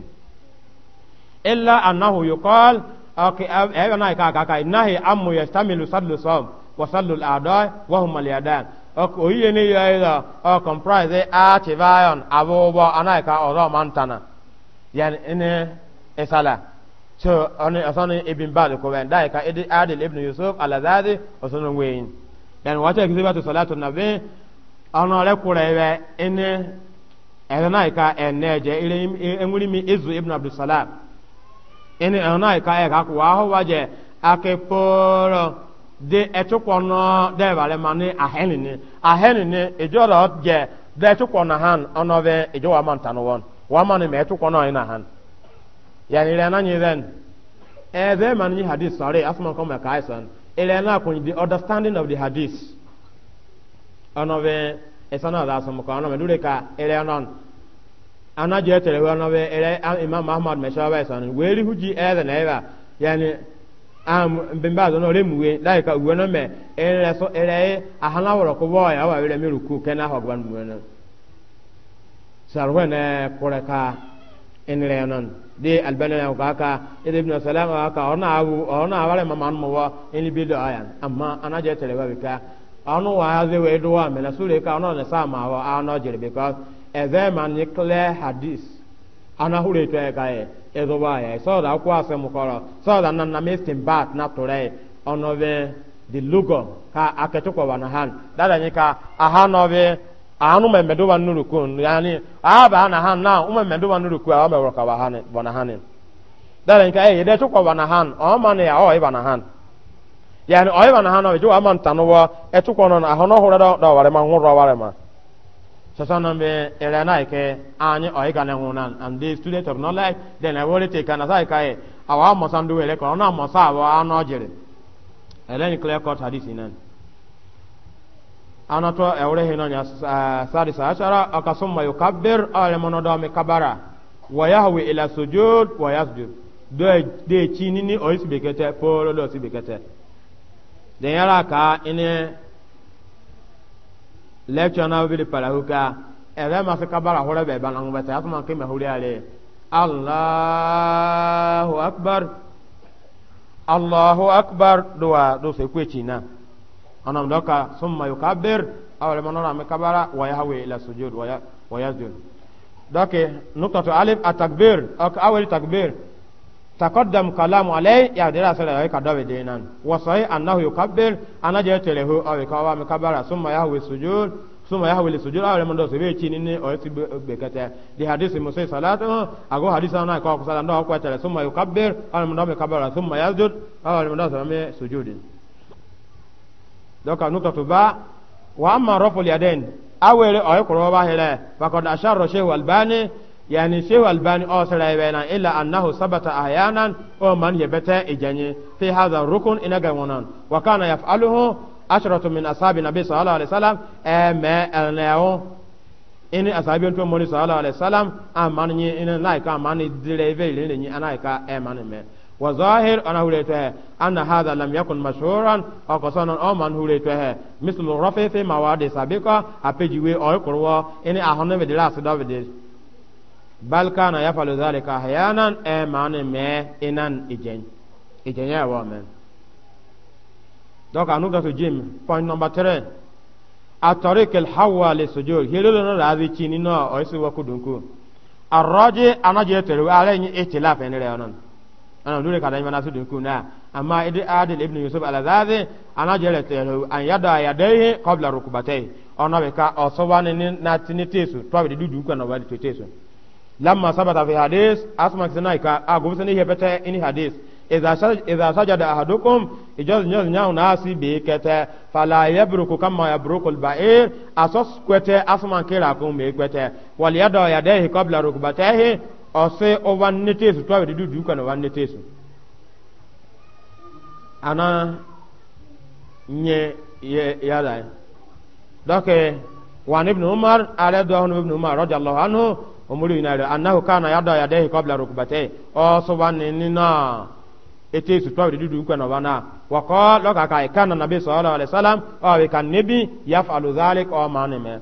illa annahu yuqal ok ayo na ka ka kai nahi amu yastamilu sadlu sawm wa sadlu al-a'da wa hum al-yadan ok oyiye ne ya ida o comprise a tivayon abobo anai ka oro mantana yani ene esala so oni asani ibn bad ko ben dai ka idi adil ibn yusuf al-azadi osono weyin yani wata exhibit salatu nabi ana re kurebe ene ene nai ka eneje ire enwuri mi izu ibn abdus salam ini ona e ka e ka kuwa ho waje ake poro de etukwo no de bale e mani aheni ni aheni ni ejo ro je de etukwo na han ono be ejo wa man tanu won wa mani me etukwo no ina e han yani re na nyi ren e be man ni hadith sare asman ko me ka isan ile na ko the understanding of the hadith ono be esana da asman ko ono me dure ka ile non ana je tere wa no be ere imam ahmad me shawa san we ri huji ere na eba yani am bin ba zo no re muwe dai ka uwe no me ere so ere ahana woro ko bo ya wa ere mi ruku ke na ho gwan muwe no sarwe ne kore ka en re non de albana ya ka ka ibn salam ka ona abu ona awale mama no wa en bi do ayan amma ana je tere wa be ka anu wa ze we do wa me na sure ka ona ne sa wa ana jere because ebe ma ni hadis anahuru etu eka ye ezoba ya so da kwa ase mukoro so da na na mestin bat na tore onove dị lugo ka aketokwa han dada anu nuru kun yani na han na umemedo wa nuru ku a mewo ka wa han han dada e de han o ma ne ya o na han yani o na han o no ware ma ware ma sasana be elana ke ani o ikane hunan and the student of knowledge then i worry take an asai kai awa mo sandu wele ko na mo sa wa ano jere eleni clear cut hadith inan anato ewre hino nya sari sa ashara akasumma yukabbir ale monodo mi kabara wa yahwi ila sujud wa yasjud do de chini ni o isbekete polo do sibekete den yara ka ine lecture na bi parahuka ere ma se kabara hore be ba na ngba ta asuma ke mahuri ale Allahu akbar Allahu akbar duwa do se kwechi na anam doka summa yukabbir awle manora me kabara wa yahwi ila sujud wa ya wa yasjud doke nuktatu alif atakbir ak awel takbir تقدم كلام عليه يا درا سلا يا كداب دينان وصحيح انه يكبر انا جاي تله او كوا مكبر ثم يهوي السجود ثم يهوي السجود او لمن دوس بي تشيني او بكتا دي حديث موسى صلاه اغو حديث انا كوا صلاه ndo kwa tele ثم يكبر او لمن دوس كبر ثم يسجد او لمن دوس بي سجود دوكا نقطه با واما رفع اليدين awere oyekoro ba hele fakod asharro shehu albani yani shehu albani osara ibena illa annahu sabata ahyanan o man yabata ijanye fi hadha rukun ina ga wonan wa kana yaf'aluhu ashratu min ashabi nabi sallallahu alaihi wasallam ama alnao ini ashabi to moni sallallahu alaihi wasallam aman ni ina laika aman direve ile ni anaika eman me wa zahir ana hulete anna hadha lam yakun mashhuran aw qasana aw man hulete mislu rafi fi mawadi sabiqa apejiwe oy kurwa ini ahonne be dilas david bal kana yafalu dhalika ahyanan e mane me inan ijen ijen ya wa men donc anu gato jim point number 3 atarik al hawa li sujud helolo no razi chini no o isu wa kudunku arraji anaje teru ala ni itilaf en re onon ana dure kada imana su dunku na amma idi adil ibn yusuf al azazi anaje le teru an yada yadaihi qabla rukubatay ona be ka ni na tinitesu to be dudunku na wali tetesu lamma sabata fi hadis asma sinai ka agu sini hebete ini hadis idha sajada ahadukum ijoz nyoz nyaw nasi bi kete fala yabruku kama yabruku albair asos kwete asma kira kum bi kwete wal yada yadehi qabla rukbatehi ose ovan netesu twa di dudu kan ovan netesu ana nye yada doke وعن ابن عمر على دواه ابن عمر رضي الله عنه omuri inare annahu kana yada yadaihi qabla rukbatayhi o so wani nina ete su tawri dudu kwa nabana wa qala ka kai kana nabi sallallahu alaihi wasallam o we kan nabi yaf'alu dhalik o manime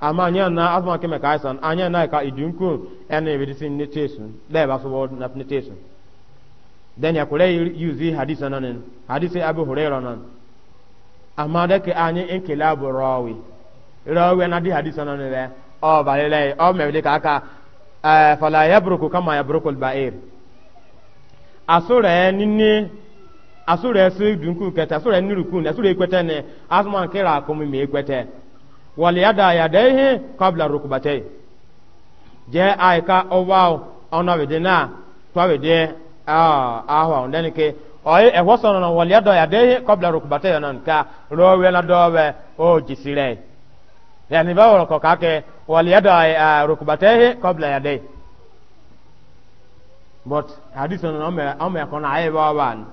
ama anya na asma keme kai san anya na ka idunku ene we disin ne tesu le ba so na ne tesu then ya kule yuzi hadisa nan hadisi abu hurairah nan amma da ke anya inkilabu rawi rawi na di hadisa nan ne o balele o mewli ka aka fala yabruku kama yabruku albair asura nini asura su dunku keta asura niruku asura ikwete ne asuma nkira akumi me ikwete wal yada yadaihi qabla rukbatay je aika owa ona wedina twa wede ah ahwa ndani ke oyi ehwosono wal yada yadaihi qabla rukbatay nan ka rowe na dowe o jisire yani bawol ko kake wal yada uh, eh, ah, kọbla ya dee. but hadith on ome ome ko na ayi bawan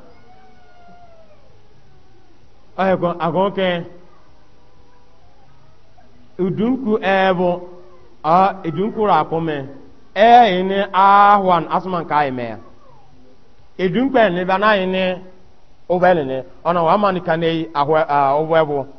ayi ko agonke udunku ebo a idunku ra kome e ini ahwan asman kai me idunku ni bana ini obelene ona wa man kanei ahwa uh, obwebo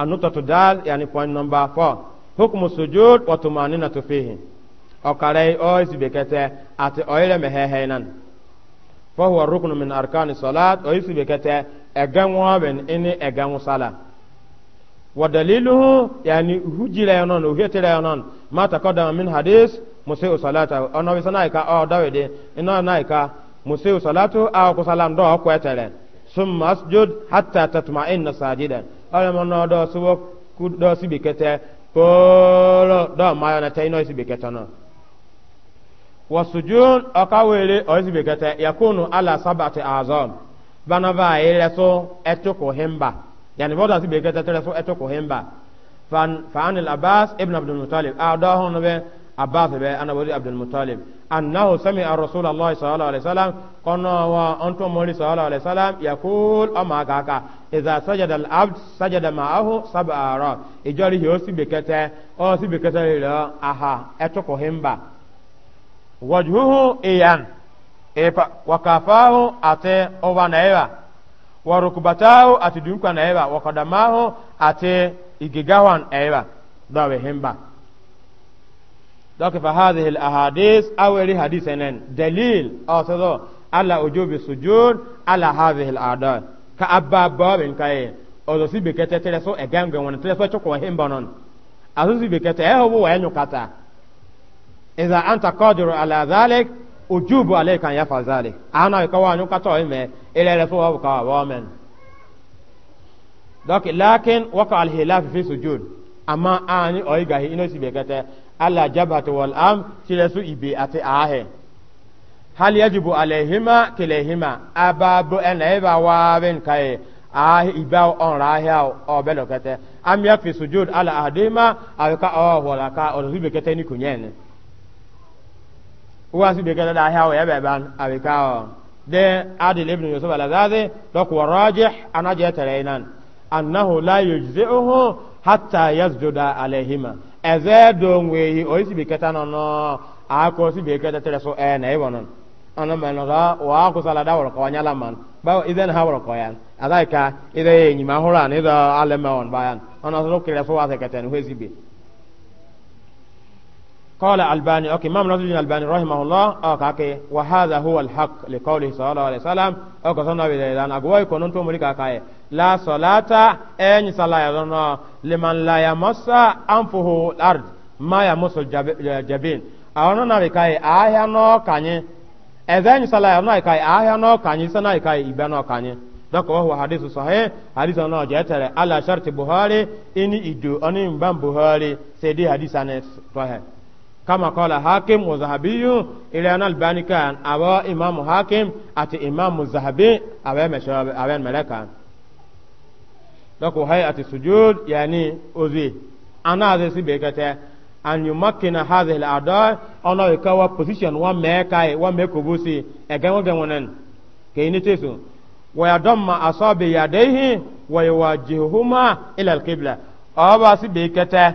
النقطة دال يعني point number four حكم السجود وطمأنينة فيه أكاري أو سبكتة أتي أويل مهيهينا فهو ركن من أركان الصلاة أو سبكتة أجمع بين إني أجمع صلاة ودليله يعني هجيلا ينون وهيتلا ينون ما تقدم من حديث مسيء صلاته أنا بسنايكا أو داودي إنا نايكا مسيء صلاته أو كسلام دو أو كويتلا ثم أسجد حتى تطمئن ساجدا ọlọmọnà ọdọ sọwọ kú dọ síbi kẹtẹ pọọlọ dọ mayọ nẹtẹ iná síbi kẹtẹ náà wọsùjú ọkàwéré ọyọ síbi yakunu ala sábàtì azọm banaba ayẹlẹ e sọ ẹtukù himba yanni bọdọ síbi kẹtẹ tẹlẹ sọ himba fan fanil abbas ibn abdul mutalib àdọhùn bẹ abbas bɛ ana wali abdul mutalib annahu sami a rasulallah sallallahu alaihi wasallam kɔnɔ wa an tɔ mɔri sallallahu alaihi wasallam yakul ɔma kaka iza sajada al abd sajada ma'ahu sab ara ijori yo si bekete o si bekete lo aha eto ko himba wajhuhu iyan epa wakafahu ate owa naeva warukubatahu ati dunkwa naeva wakadamahu ate igigawan eva dawe himba donc fa hadhihi alahadith awari hadithenen dalil awsado ala ujubi sujud ala hadhihi alada ka abba babin kai ozo si be kete tere so egangen won tere so choko himba non azo si be kete eho bo wanyo kata idha anta qadiru ala dhalik ujubu alayka ya fa dhalik ana ka wanyo kata ime ile re so wa ka wa men donc lakin waqa alhilaf fi sujud amma ani oigahi ino si be kete ala jabati wal am tire su ibe ati ahe hal yajibu alaihima kilehima ababu ena iba wabin kai ahe iba on rahe o belo kete am ya fi sujud ala ahdima awika o wala ka o ribe kete ni kunyen wa su be kete da ahe o yebe ban awika o de adil ibn yusuf al-azazi dok wa rajih anaje tarainan annahu la yujzi'uhu hatta yasjuda alaihima eze dong weyi o isi biketa no no ako si biketa tere so ene eh, ibonon ana mano ga wa ko sala da wor ko nyala man ba idan ha wor ko yan adaika ida yenyi ma hura ni da alema on bayan ona so kire so wa seketen esi bi قال الباني اوكي امام نصر الدين الباني رحمه الله اوكي وهذا هو الحق لقوله صلى الله عليه وسلم اوكي صلى الله عليه وسلم اقوي كنون تومري كاكاي لا صلاة ان صلاة يظن لمن لا يمس انفه الارض ما يمس الجبين اونا نبكاي اهيا نو كاني اذن صلاة يظن كاي اهيا نو كاني سنا كاي يبنو كاني dɔkɔ wɔhu hadisu sɔhɛ hadisu nɔ jɛtɛrɛ ala sharti buhari ini idu ɔni ban buhari sɛ di hadisa ne sɔhɛ kama kala hakim wa zahabiyu ila anal banikan awa imam hakim ati imam zahabi awa mashab awa malaka dako hay ati sujud yani ozi ana ze sibekete an yumakkina hadhihi al-a'da ona ikawa position wa mekai wa mekobusi egenwo genwonen kayini teso wa yadamma asabi yadayhi wa yuwajjihuhuma ila al-qibla awa sibekete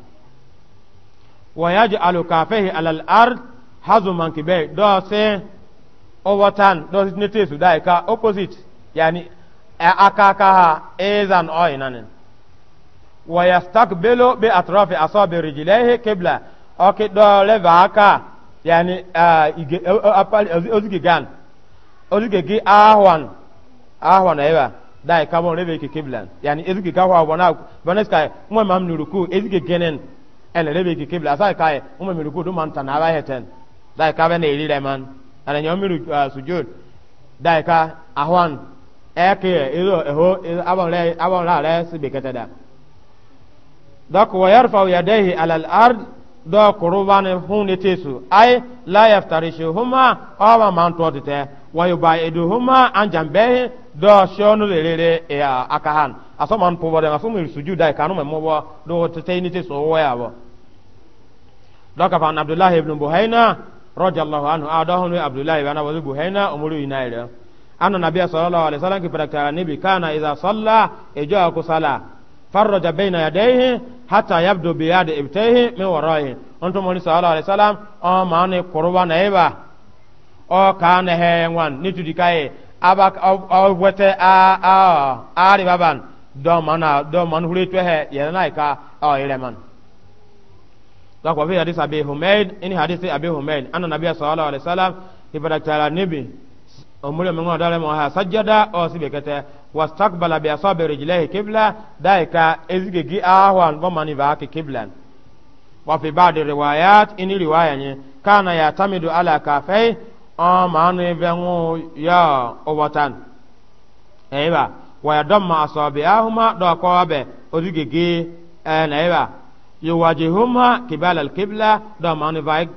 ويجعل كافيه على الأرض حزما كبير دو سي أوتان دو سي نتيسو دايكا أوبوزيت يعني أكاكاها إيزان أوينان ويستقبل بأطراف أصابع رجليه قبلة أوكي دو لفاكا يعني أوزيكيغان أوزيكيغي أهوان أهوان أيوة دايكا بون ريفيكي قبلة يعني إذكي كاوا بنا بنا سكاي مو مام نوركو إذكي جنن ele rebe ki kibla sai kai umma mi rukudu man tan ara heten dai ka bene iri man ana nyo mi uh, sujud dai ka ahwan eke ilo eho abon le abon la le sibe ketada dok wa yarfa yadayhi ala al ard do kurban hun tesu ay la yaftarishu huma awa man totite wa yubaidu huma anjambehi do shonu lere ya akahan asoman pobore asomo suju dai kanu me mobo do tete ni te so wo ya bo doka fa abdullah ibn buhaina radiyallahu anhu adahu abdullah ibn buhaina umuru inaire anna nabiyya sallallahu alaihi wasallam kipara kana nabi kana idha salla ijaa kusala farraja baina yadayhi hatta yabdu bi yadi ibtayhi min warayhi onto moni sallallahu alaihi wasallam o maane kurwa na o kana he wan nitudikaye aba awwete a a ari baban dɔw mana dɔw man hure tɔhɛ yɛrɛ n'a ye ka ɔ yɛrɛ man donc wa fi hadis abi humaid ini hadis abi humaid anna nabiya sallallahu alaihi wasallam ibada taala nibi omule mengo dale mo ha sajada o sibe kete wastaqbala bi asabi rijlihi qibla daika ezige gi ahwan go mani va ke qiblan wa fi ba'd riwayat ini riwaya nye kana ya tamidu ala kafai o manu bengo ya obatan eiba wayadamma asabi'ahuma do kobe odugege enaiba yuwajihuma kibala alqibla do manu vai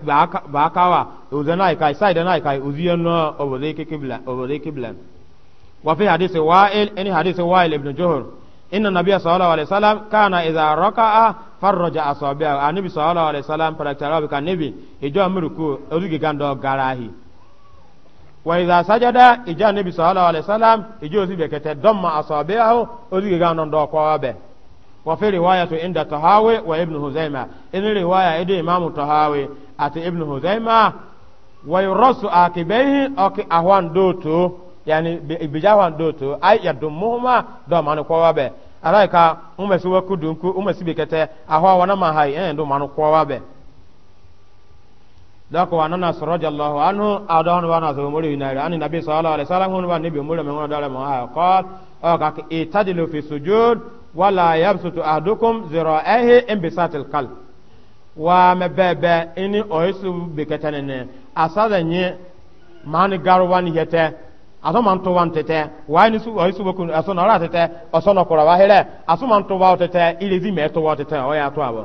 bakawa uzanai kai side nai kai uziyono obode kibla obode kibla wa fi hadisi wa'il ini hadisi wa'il ibn juhur inna nabiyya sallallahu alaihi wasallam kana idha raka'a farraja asabi'ahu anabi sallallahu alaihi wasallam para tarabi kan nabi ijo amruku odugege gando garahi وإذا سجد إجا النبي صلى الله عليه وسلم إجو سي بكت دم أصابعه أزي غان دو قوابه وفي رواية عند طهاوي وابن هزيمة إن رواية إدي إمام طهاوي أتي ابن هزيمة ويرس آكبيه أك أهوان دوتو يعني بجاوان دوتو أي يدمهما دم عن قوابه أرايكا أمسي وكدنكو أمسي بكت أهوان ما هاي أندو عن قوابه dako wa nana soroja allahu anhu adon wa nazo muri yinaire ani nabi sallallahu alaihi wasallam hun wa nabi muri men wona dala ma ha qal o oh, ka itadilu fi sujud wala yabsutu ahdukum zira'ihi imbisatil qalb wa mababa ini oisu bikatanene asada nye mani garwan yete aso man to wan tete wa ni su oisu boku aso na ra tete aso wa hele aso wa tete ilezi me to wa tete o ya to abo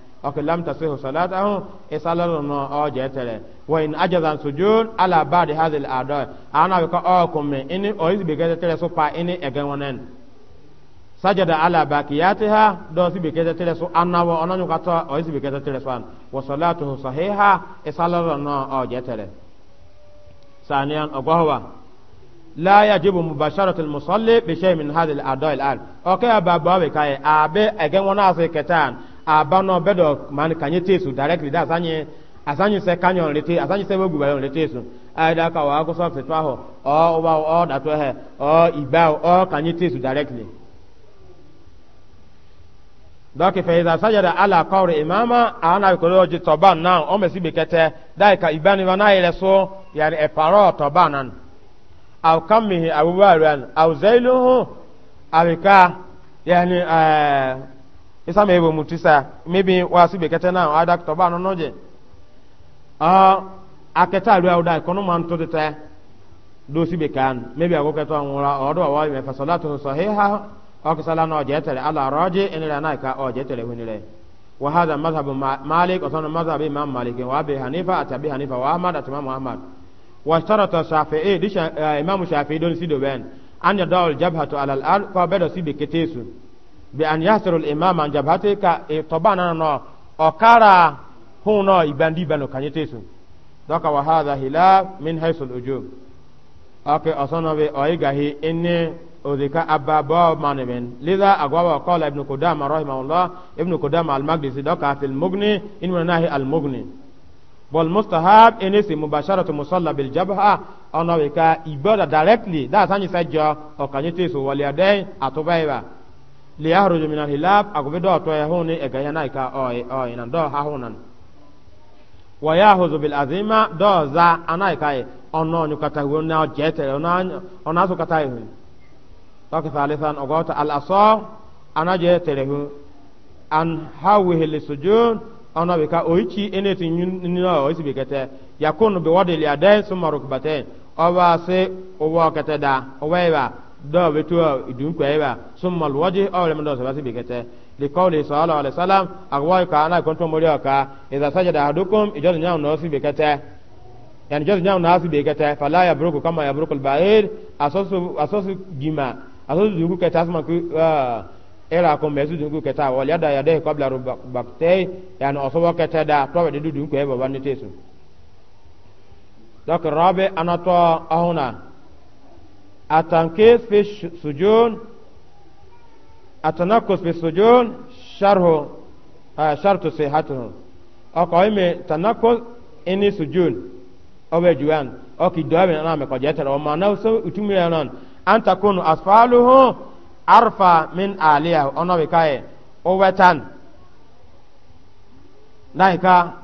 ọkọ lam tasihu salatahu isalaro no ọjẹ tẹrẹ wọnyin ajazan sujud ala baadi hazil adọ ana bika ọkùnmi ini ọyisi bi kẹsẹ tẹrẹ so pa ini ẹgẹ wọn nẹni sajada ala bakiyati ha dọsi bi kẹsẹ tẹrẹ so anawọ ọnọnyu katọ ọyisi bi kẹsẹ musalli bi min hadhihi al-adwa al-an okay aba bawe kai abe egen wona abano bedo man kanye tesu directly da asanye asanye se kanyon lete asanye se bogu bayon lete su ada ka wa ko so fetwa ho o wa o da to he o iba o kanye tesu directly dɔki fɛ iza sajada ala kɔri imama ana kolo ji tɔban na o mesi bi kɛtɛ dai ka ibani ba na yɛrɛ so yari ɛparɔ tɔban nan aw kamihi abubakar aw zailuhu abika yani ɛɛ e isa me bo sa, maybe wa be kete na ada to ba no noje ah aketa lu awda kono man to deta do si be kan maybe ago keto anwura odo wa me fa salatu sahiha o ke sala no je tere ala raji in la naika o je tere hunire wa hadha madhhab malik wa madhhab imam malik wa abi hanifa atabi hanifa wa ahmad atama muhammad wa sharata shafi'i disha eh, imam shafi'i don si do ben an yadawul jabhatu ala al-ard fa bada si be ketesu bi an yasiru imam an jabhati ka e tobana no okara huno ibandi bano kanyetesu doka wa hadha hilaf min haythu al-ujub ake asana be oigahi inni odika ababa maneben lidha agwaba qala ibn qudama rahimahullah ibn qudama al-maqdisi doka fil mughni in wanahi al-mughni bol mustahab enisi mubasharatu musalla bil jabha ona wika ibada directly da sanyi sajja okanyetesu waliadai atubaiba liyakhruju min alhilab agobe do to ya honi e ganyana ka oy oy nan do ha honan wa yahuzu bil azima do za ana kai onno nyu kata won na jete onan onaso kata hin to ka salisan ogota al aso ana jete rehu an hawihi lisujud ona be ka oichi eneti nyina oisi be kete yakunu bi wadil yadain summa rukbatain owa se owa kete da owa dɔw bɛ to dun kɔɛ ba summal waji aw lɛ dɔw sabasi bi kɛtɛ likawli sallallahu alaihi wasallam agwaye ka ana kɔntɔn mori a ka idza sajada ahadukum ijadu nyaw nɔsi bi kɛtɛ yani ijadu nyaw nɔsi bi kɛtɛ fala yabruku kama yabruku albair asosu asosu gima asosu dugu kɛtɛ asuma ku era ko mesu dugu kɛtɛ wal yada yada qabla rubaktay yani osobo kɛtɛ da tɔbɛ de dudu kɔɛ ba wani tesu dɔk rabe anatɔ ahuna التنكيس في السجون التنقص في السجون شرح شرط صحته أقوم تنقص إني سجون أو جوان أو كدواب أنا مقجت وما نوسو أتمنى أن أن تكون أسفاله أرفع من عليه أنا بكاي أو وتن نايكا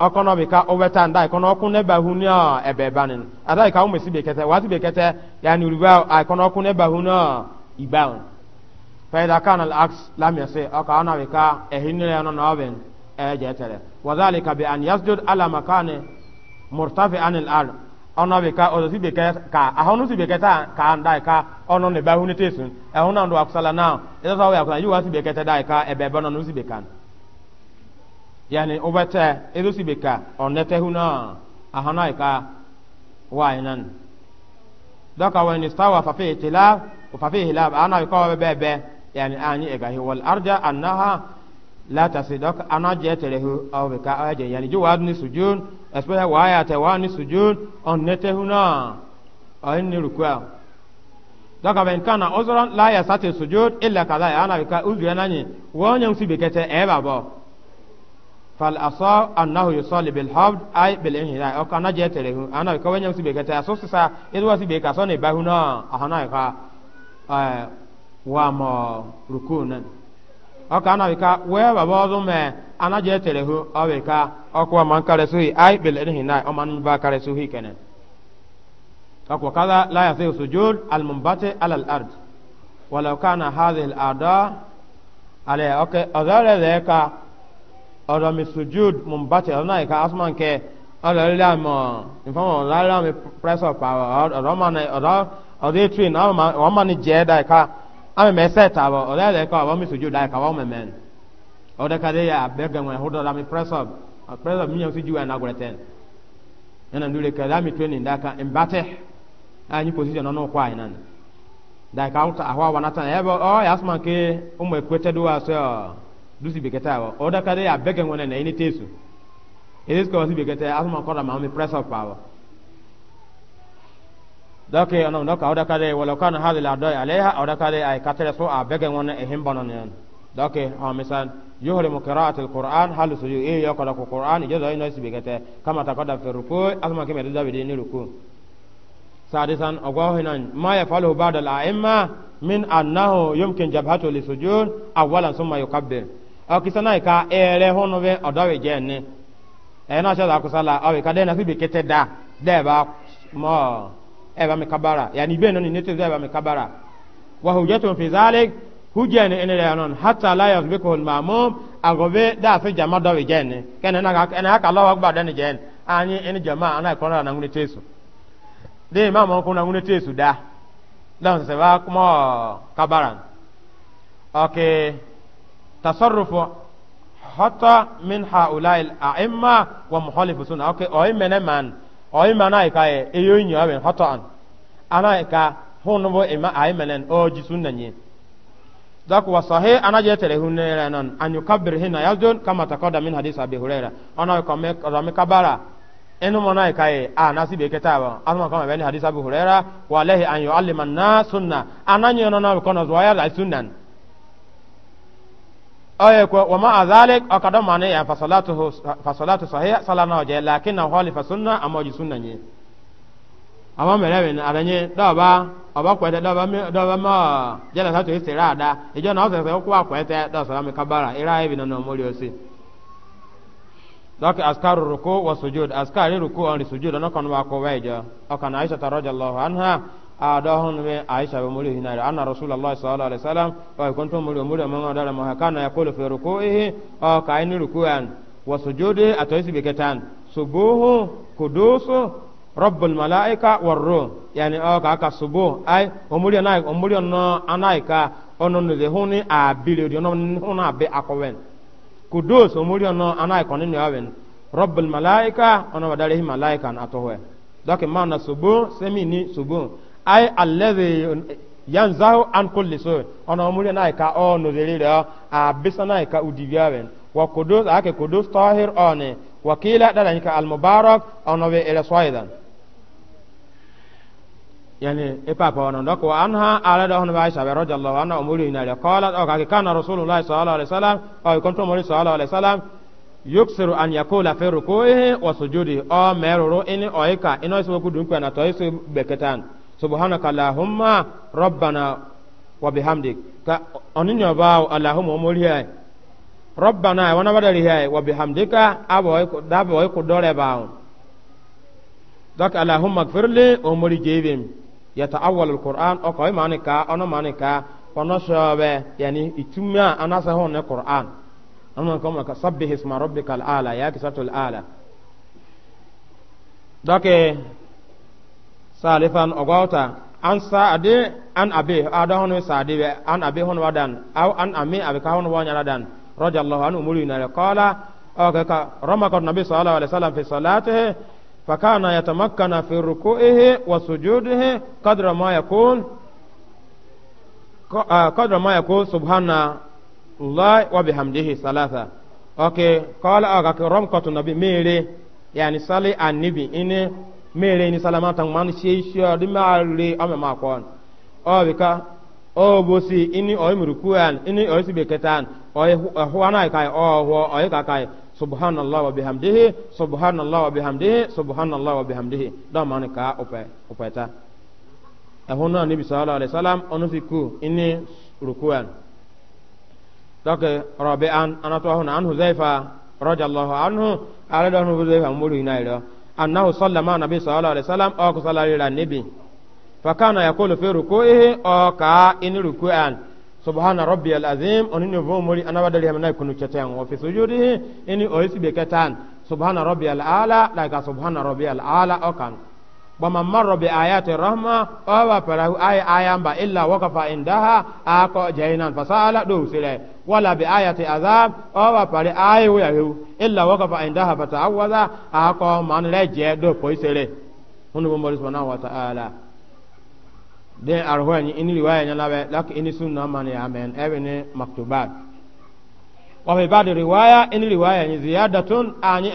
ɔkɔnɔ bi ka ɔbɛta nda ikɔnɔ ɔkun ne bahu ne ah, ɛbɛ ba ne ada yi ka ɔmo si bi kɛtɛ waati bi kɛtɛ yanni uriba ikɔnɔ ah, ɔkun ne bahu ne ah, igba o fɛyida kan na aks lamiɛse ɔka ɔna bi ka ɛhin ne yɛn ɔbɛn ɛɛjɛ tɛrɛ wazali kabi bi an yasjud ala makane murtafi anil ar ɔna bi ka ɔdo si bi kɛ ka ahɔnu si bi kɛtɛ ka nda ka ɔnɔ ne bahu ne te sun ɛhun na do akusala na ɛdɛ sɔ wɛ akusala yi wa si bi kɛtɛ da yani obete edosi beka onete huna ahana ka wa inan daka wa nistawa fa fi tilab wa fa fi hilab ana ka bebe yani ani ega hi wal arja annaha la tasidak ana jeterehu aw beka aje yani ju wadni sujun especially wa ya te wa ni sujun onete huna ayin ni rukwa daka ben kana uzran la ya sate sujud illa kaza ana ka uzri nani wonyen sibekete e babo فالأصاب أنه يصلي بالحبد أي بالإنهداء أو كان جيتره أنا بكو وين يمسي بيكتا أسوس سا إذ واسي بيكا سوني باهنا أهنا يكا أه وما ركونا أو كان بكا ويبا بوضو ما أنا جيتره أو بكا أو كوا من كارسوه أي بالإنهداء أو من با كارسوه كنا وكذا لا يصير سجود المنبت على الأرض ولو كان هذه الأعداء عليه أوكي أذار ذلك ọ̀rọ̀ mi sujud mumbati ọ̀rọ̀ náà ìka asuman kẹ ọ̀rọ̀ ilé àmọ̀ ìfọ̀mọ̀ ọ̀rọ̀ mi press up ọ̀rọ̀ ma ni ọ̀rọ̀ ọ̀rọ̀ etri na wọ́n ma ni jẹ́ ẹ̀dá ìka àmì mẹ́sẹ̀ tààbọ̀ ọ̀rọ̀ ẹ̀dá ìka ọ̀rọ̀ mi sujud dá ìka wọ́n mẹ́mẹ́ ni ọ̀rọ̀ kàdé yà abẹ́gẹ̀ wọn ọ̀rọ̀ mi press up press up míyàn sí training dá ìka mbate àyìn position ọ̀nà ọ̀kọ́ àyìn náà dá ìka àwọn àwọn àwọn àtàn ẹ̀ dusi beketawa oda kare ya beke ngone na ini tesu elis ko wasi bekete asuma kora ma mi press of power doke ono no ka oda kare wala kana hadil adai alaiha oda kare ay katere so a beke ngone e him bonon yan doke ha misan yuhrimu qira'atul qur'an hal su e yo kala ko qur'an je dai no si bekete kama ta kada feruko asuma keme da bi ni ruku sadisan ogo ma ya falu ba'da al a'imma min annahu yumkin jabhatu lisujud awwalan thumma yukabbir akisana ka ere hono be odawe jenne e na cha akusala awe ka dena sibi kete da ebe de ba mo e ba mikabara yani be no ni nete de ba mikabara wa hujjatun fi zalik hujjani ene le non hatta la yasbiku al ma'mum agobe da fi jama dawe jenne kene na ka na ka lawa gba dene jenne anyi ene jama ana ko na nwunye tesu de ma mo ko na nwunye tesu da dan se ba kuma kabaran tasarrufu hata min haulai a'imma wa muhalifu sunna okay oy mene man oy mana ika e eyo nyo awen hata an ana ika hunu bo ima ay menen o ji sunna nyi dak wa sahih ana je tere hunne ranan an yukabbir hina yazdun kama taqada min hadith abi huraira ana ko me rami kabara enu mona ika e ana sibe ketawa asma kama ben hadith abi huraira wa lahi an yu'allima an-nas sunna ana nyono na ko na zuwaya sunnan أي ومع ذلك أقدم معنى فصلاته فصلاته صحيح صلاة نوجه لكن خالف السنة أما جسنة نيه أما مرمين أرني دابا أبا كويت دابا دابا ما جل ساتو يسترا دا إجا نوزة سيوكوا كويت دا سلام كبارا إلا إبنا نومولي وسي لك أسكار الركوع والسجود أسكار الركوع والسجود أنا كان واقوا ويجا أكان عائشة رضي الله عنها adahun me aisha be muri hinari anna rasulullah sallallahu alaihi wasallam wa kuntu muri muri man dara ma kana yaqulu fi ruku'ihi aw ka ayni ruku'an wa sujudi ataysi bi katan subuhu kudusu rabbul malaika warru yani aw oh, ka ka subu ay omuri na omuri no anaika onon le huni abire di onon huna be akowen kudus omuri no anaika ni awen rabbul malaika ona wadare malaika na atohwe doke mana subu semini subu ai alladhi yanzahu an kulli sun ona muri na ka o no zelira a bisa na ka udiviawen wa kudus ake kudus tahir one wakila dala ka al mubarak ona we ila swaidan yani ipapa wana ndoko wa anha ala da hono baisha be radiyallahu anha umuri ina le qala o ka kana rasulullah sallallahu alaihi wasallam o kontu muri sallallahu alaihi wasallam yuksiru an yakula fi rukuihi wa sujudi o meruru ini oika ino isu kudu kwa na toisu beketan subhanaka allahumma rabbana wa bihamdik ka oninyo bawo allahumma umuri hai rabbana wana badari hai wa bihamdika abo dabo ko dole bawo dak allahumma gfirli umuri jebim yataawwal alquran o ko mani ka ono mani ka ono sobe yani itumia anasa hon ne quran amma kuma ka sabbih isma rabbikal ala ya kisatul ala dak eh, salifan ogota an sa'ade an abe ada hono sa'ade be an abe hono wadan aw an ami abe ka hono wanya dan radiyallahu anhu muri na qala aka ka rama ka nabi sallallahu alaihi wasallam fi salatihi fa kana yatamakkana fi ruku'ihi wa sujudihi qadra ma yakun qadra ma yakun subhana allah wa bihamdihi salasa okay qala aka ka rama ka nabi mere yani sali annabi ine mere ni salamata man sheisho di mare ame makon o bika o bosi ini o imrukuan ini o sibe ketan o e huana e kai o ho o e ka kai subhanallah wa bihamdihi subhanallah wa bihamdihi subhanallah wa bihamdihi da man ka ope opeta e hono ni bi sallallahu alaihi wasallam onu fiku ini rukuan doke rabi'an anato hona an huzaifa radiyallahu anhu ala da huzaifa muri na ilo annahu sallama nabi sallallahu alaihi wasallam aw ko sallallahu alaihi nabi fa kana yaqulu fi ruku'ihi aw ka in ruku'an subhana rabbiyal azim onin vo mori anawa dali hamna kunu chetan wa fi sujudihi ini oyisi ketan, subhana rabbiyal ala la ka subhana rabbiyal ala kan ومن مر بآيات الرحمة أو فله أي آيام إلا وقف عندها أكو جينا فسأل دوسلة ولا بآية عذاب أو فله آي ويهو إلا وقف عندها فتعوذ أكو من لجي دو بويسلة هنا بمبالي سبحانه وتعالى de arhoya ni ini riwaya nyana be lak ini sunna mani amen ebene maktubat wa bi ba'd riwaya ini riwaya ni ziyadatun ani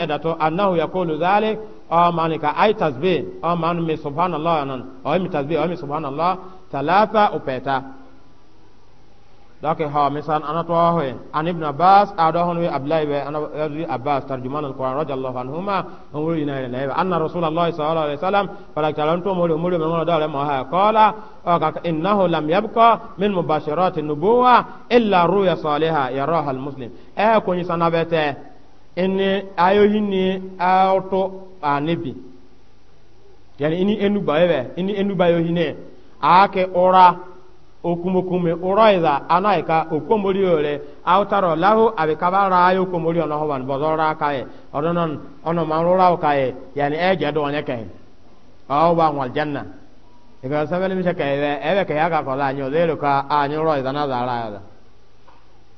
أمانك أي تسبيح أمان من سبحان الله أنا أي تسبيح أي سبحان الله ثلاثة أو بيتا لكن ها مثلا أنا تواه أنا ابن عباس أدوهن في أبلاه أنا أبي عباس ترجمان القرآن رضي الله عنهما هم يقولون إن الله أن رسول الله صلى الله عليه وسلم فلك تلامتو مولى مولى من مولى دار المها قال إنه لم يبقى من مباشرات النبوة إلا رؤيا صالحة يراها المسلم أكون إيه، يسنا بيته ene ayohi ni auto ya yani ini enuba ewe ini enuba yohi ne ake ora ụra ora ida anaika okomori ore autaro lahu abikabara ayo okomori ono hoban bozora kae odonon ono manura kae yani eje do nyeke aw ba wal janna iga sabele mi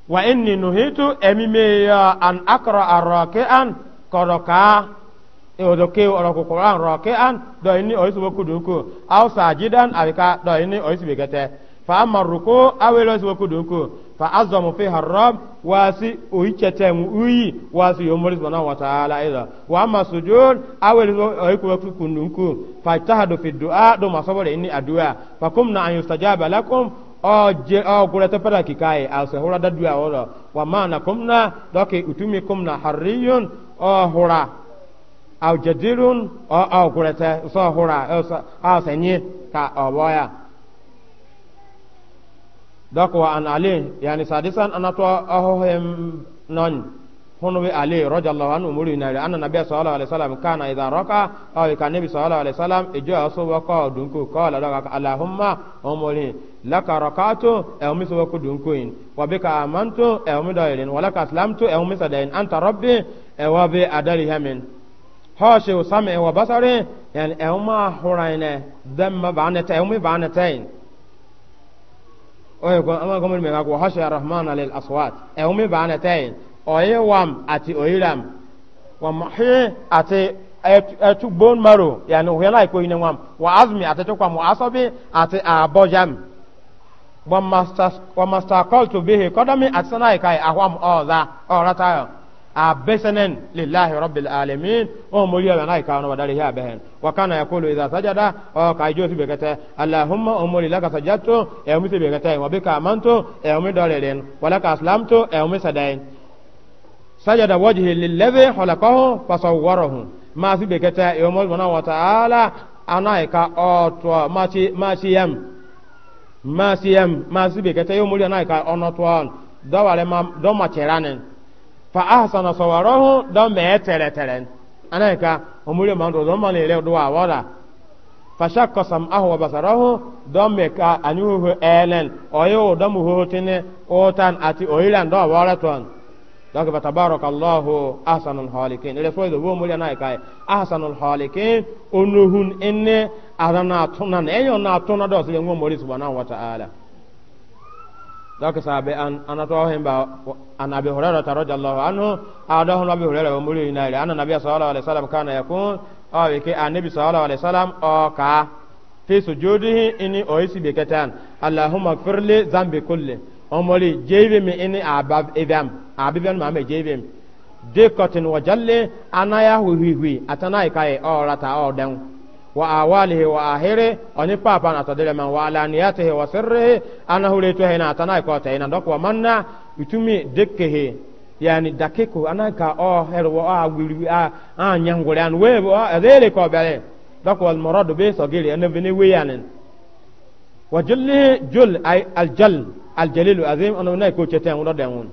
wa inni nuhitu emi meya an akra arraki'an koroka odoke oroko quran raki'an do ini oisu boku duku aw sajidan abika do ini oisu begete fa amma ruku awelo oisu boku duku fa azamu fi haram wasi oichetemu uyi wasi yomori subhanahu wa ta'ala ila wa amma sujud awelo oiku boku kunduku fa tahadu fi du'a do masabore ini adua fa kumna an yustajaba lakum oje ogure to pada kikai ase hura da dua wala wa mana kumna doke utumi kumna hariyun o hura aw jadirun o ogure ta so hura ase ni ka oboya doko wa an ali yani sadisan anato ahohem non hono be ali radiyallahu anhu muri na re anna nabiy sallallahu alaihi wasallam kana idha raka aw ka nabi sallallahu alaihi wasallam ijo aso wa ko dunku qala laka allahumma umuri laka rakatu e umi so dunku in wa bika amantu e umi dairin wa laka aslamtu anta rabbi e adari hamin hoshi usame wa basari yani e uma huraine damma banata e umi ko ama ko mi ka ko hoshi arrahman lil aswat oye wam ati oiram wa mahi ati etu bone marrow yani uhela iko ine wam wa azmi ati tukwa mu asobi ati abojam wa master wa master call to bihi kodami ati sanai kai ahwam oza orata yo abesenen lillahi rabbil alamin o moriya wa nai kawo wadare ya behen wa kana yaqulu idha sajada o kai josi bekete allahumma umuri laka sajadtu e umisi bekete wa bika amantu e umi dorelen wa laka aslamtu e umi sadain sajada wajhi lillazi khalaqahu fasawwarahu ma fi bekata yawmal subhanahu wa ta'ala ana ka otwa machi machi yam machi yam ma fi bekata yawmul ana ka onotwa dawale ma do macherane fa ahsana sawarahu do me tere tere ana ka omuri ma do ma le do wa wala fa shakka sam'ahu wa basarahu do me ka anyuhu elen oyo do mu hotine otan ati oilan do wala ton donc ba tabarakallahu ahsanul halikin ele fo do mo na kai ahsanul halikin onuhun enne arana tuna ne yo na tuna do se ngo mori subhanahu wa ta'ala donc sabe an anato hemba anabi hurara radhiyallahu anhu adahu nabi hurara wa mori na ile anna nabi sallallahu alaihi wasallam kana yakun awe ke annabi sallallahu alaihi wasallam o ka fi sujudihi ini oisi beketan allahumma firli zambi kulli omori jevim ini abab idam abiban mame jevim de kotin wajalle anaya huhihi atanai kai orata odan wa awalihi wa ahire oni papa na tadele man wa alaniyatihi wa sirrihi ana huletu hina atanai ko tayina dok wa manna itumi dekkehe yani dakiko anaka o hero wa agwiri a anyangure an we adele ko bele dok wal muradu be sogili ene bini wiyanin wajalle jul ay aljal aljalilu azim ono na ko chete ono de won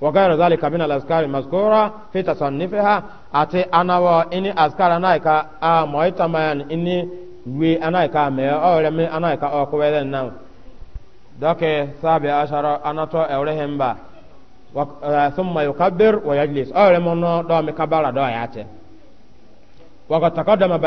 wa ghayra zalika min al azkar mazkura fi tasannifiha ate anawa ini azkara naika a moita man ini we anaika me ore me anaika o ko wele na doke sabi ashara anato ewre hemba wa thumma yukabbir wa yajlis ore mono do me kabara do yate wa qad taqaddama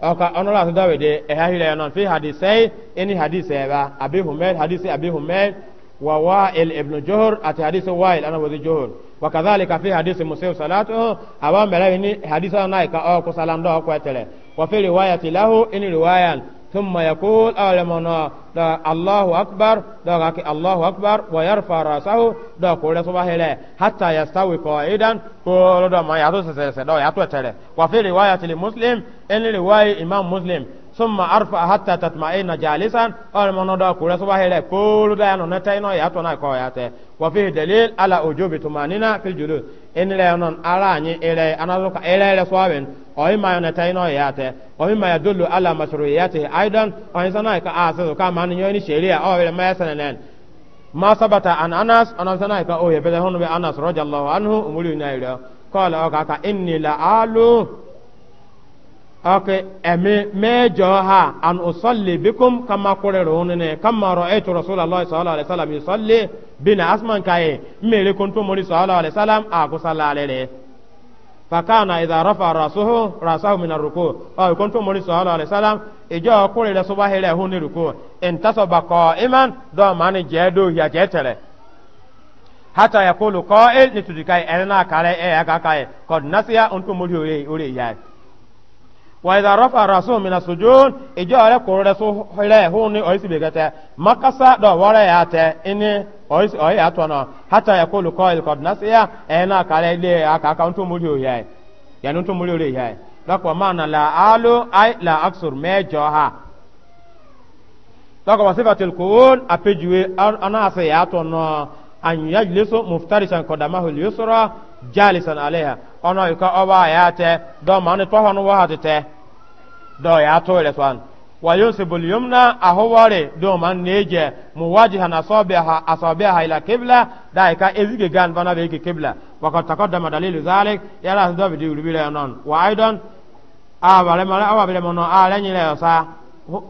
ọka ọnọrọ atọ dọwị dị ẹha hịrị ya nọ fi hadisai ịnị hadisai ebe abi humed hadisai abi humed wa wa'il ibn johor ati hadisi wa'il anabozi johor wa kadhalika fi hadisi musaw salatu awa mẹrẹ ni hadisi anayi ka ọkụ salam dọ ọkụ ẹtẹrẹ wa fi riwayati lahu ini riwayan ثم يقول آلمنا دا الله أكبر دا الله أكبر ويرفع رأسه دا كل صباح له حتى يستوي قائدا كل دا ما يعطوه سيسي دا يعطوه تله وفي رواية المسلم إن رواية إمام مسلم summa arfa hatta tatma'ina jalisan on mono da kure so bahere kulu da no nata ino ya to na ko ya te wa fi dalil ala ujubi tumanina fil julus in la non ala anyi ere analo ka ere ere so aben o ima na ta ino ya te o ima ya dulu ala masruiyati aidan on sana ka aso ka man nyo ni sheria o wele ma ma sabata an anas on ka o ye bele hono be anas radiyallahu anhu umuli na ira qala o ka ka inni la alu ok eme mejo ha an usalli bikum kama kore ronene kama ra'aytu rasulullah sallallahu alaihi wasallam yusalli bina asman kai mere kuntu muri sallallahu alaihi wasallam a ku sallalere fakana idha rafa rasuhu rasahu min arruku aw kuntu muri sallallahu alaihi wasallam ijo kore le suba hele hu ni ruku in tasaba qa'iman do mani jedo ya jetere hata yaqulu qa'il nitudikai elna kare e ya kakai untu muri ore ore ya وإذا رفع رأسه من السجون إجا على كورسو هلا هوني أيس بيجتا ما كسا دا ولا ياتا إن أيس أي أتونا حتى يقول قائل قد نسيا أنا كلا لي أك أكونتو مليو ياي يعني أنتو مليو لي ياي لكن ما أنا لا ألو أي لا أكسر ما جاها لكن وصفة الكون أبجوي أنا أسيأتونا أن يجلس مفترسا قدمه اليسرى جالسا عليها أنا يكا أبا ياتي دوما أنا توهن وهاتي do ya to yɛrɛ fan wa yusibu yumna ahowore do man neje muwajihan asabiha asabiha ila qibla da ka ezige gan bana be ke qibla wa qad taqaddama dalilu zalik yara do bi diru bila non wa aidan awale mala awale mono ala nyile sa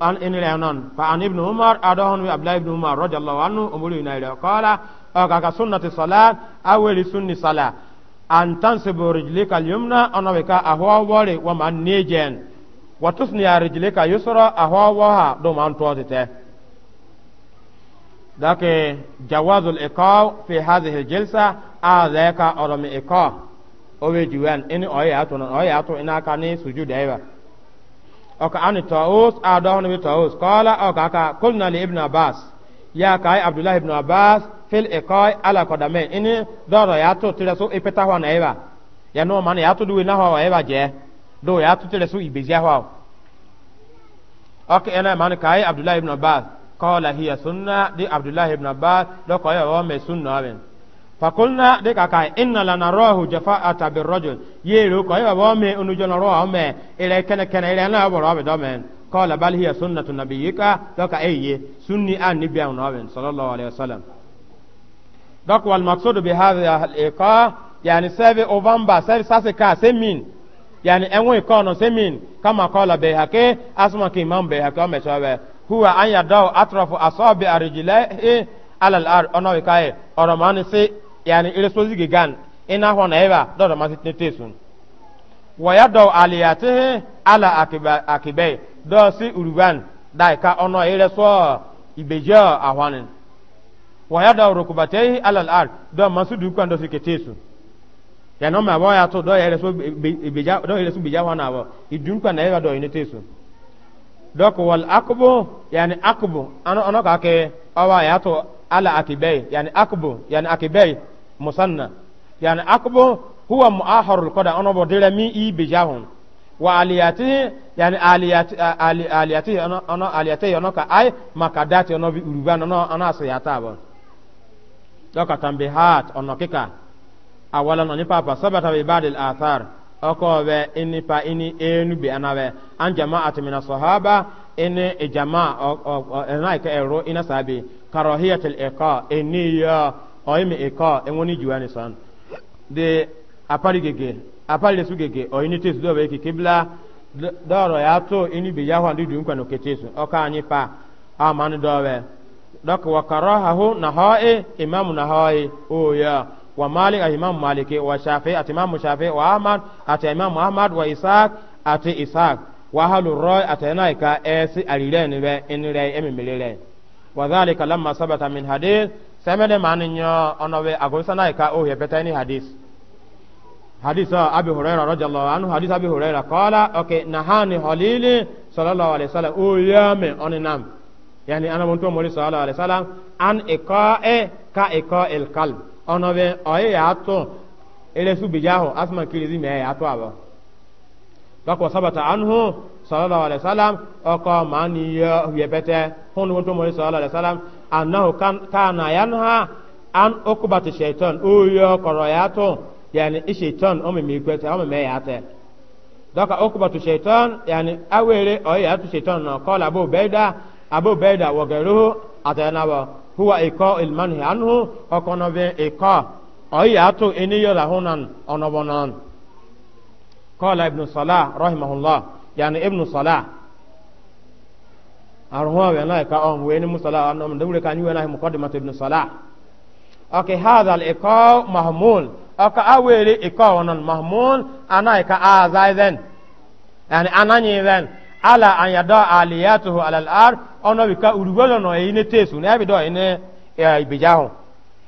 an le non fa an ibnu umar adahun bi abdullah ibnu umar radiyallahu anhu umulu inaila qala ka ka sunnati salat aweli sunni salat an tansibu rijlika al-yumna anawika ahowore wa man nejen watusni arijilika yusra ahwa waha do man to tete dake jawazu al-iqa fi hadhihi al-jilsa azaka adam iqa owe diwan in oya to na oya to ina ka ni sujud aywa oka ani taus adon bi taus qala oka ka kulna li ibn abbas ya kai abdullah ibn abbas fil iqa ala qadamain in dara ya to tiraso ipeta hwa na aywa ya no man ya to duwe na hwa aywa je do ya tu tutere su ibeji hawa ok ena man kai abdullah ibn abbas qala hiya sunna di abdullah ibn abbas do ko yo me sunna aben fakulna de ka kai inna la narahu jafa'ata bir rajul ye ro ko ya bo me unu jona ro me ile kene kene ile na bo ro be do men qala bal hiya sunnatu nabiyyika do ka eye sunni an nabi an aben sallallahu alaihi wasallam dok wal maqsud bi hadha al iqa yani sabe ovamba sabe sase ka se min yani enwe kono semin kama kọla kola be hake asma ki imam be ọ ome chobe huwa anya an yadau atrafu asabi arijilai ala al-ar ono we kai oro mani si yani ile sozi gigan ina ho na eba dodo masi tetesun wa yadau aliyatihi ala akiba akibe do si uruban dai ka ono ile so ibejo ahwanin wa yadau rukubatehi ala al-ar do masu dukwan do si ketesun ya na ma boya to do yele so beja do yele so beja wana na yele do yele teso dok wal akbu yani akbu ọnụ ka ke ya ala akibay yani akbu yani akibay musanna yani akbu huwa muaharul qada ono bo dele mi wa aliyati aliyati aliyati ai bi uruba awalan ani papa sabata bi ba'd athar oko be ini pa ini enu bi anawe an jama'atu min sahaba ini ijama ena ke ero ina sabi karahiyat al iqa ini ya oimi iqa enwoni juani san de apari gege apari lesu gege o ini tes do be ki kibla doro ya to ini bi ya hwan didu nkwano ketesu oka anyi pa amani dowe dok wakarahahu nahoi imamu nahoi o ya wa malik a imam maliki wa shafi ati imam shafi wa ahmad ati imam ahmad wa isaac ati isaac wa halu roy ati yana ka esi alire ni be inire emi milire wa dhalika lamma sabata min hadith semede mani nyo onowe agosa na ka o he petani hadith hadith abi hurairah radhiyallahu anhu hadith abi hurairah qala okay nahani halili sallallahu alaihi wasallam o yame oninam yani ana mtu mwali sallallahu alaihi wasallam an iqa'i ka iqa'il qalb ọnọbe ọyị ya atụ elesu biji ahụ asụma nkirizi mee ya atụ abụọ dọkwa sabata anụhụ sallallahu alaihi wasallam ọkọ ma ni ihe yebete hun wonto mmiri sallallahu alaihi wasallam annahu kan kana yanha an ukubati shaytan o yo koro ya to yani shaytan o mi ọ o me ya te dọka ukubatu shaytan yani awere o ya to shaytan no kola bo beda abo beda wogeru atana ba huwa ikọ ilmanhi anhu ọkọnọbe ikọ ọyị atụ eniyo lahunan ọnọbọnan kọla ibnu salah rahimahullah yani ibnu salah arhuwa wa yana ka on weni musala annam dawle kan yana muqaddimat ibnu salah okay hadha al ikọ mahmul aka awere ikọ wonan mahmul ana ka azaiden yani ananyi den ala an yada aliyatuhu alal ar ono bika urugolo no ine tesu ne abido ine ibijahu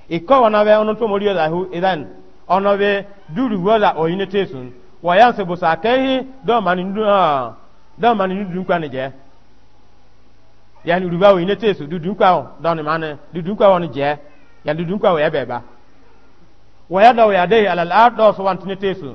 iko wana be ono to moriyo dahu idan ono be durugola o ine tesu wa yanse busakehi do mani ndu ha do mani ndu kwa ne je yani uruba o ine tesu dudu kwa o do ne mane dudu kwa won je yani dudu kwa o ebe ba wa yada wa yadehi alal ar do so wantine tesu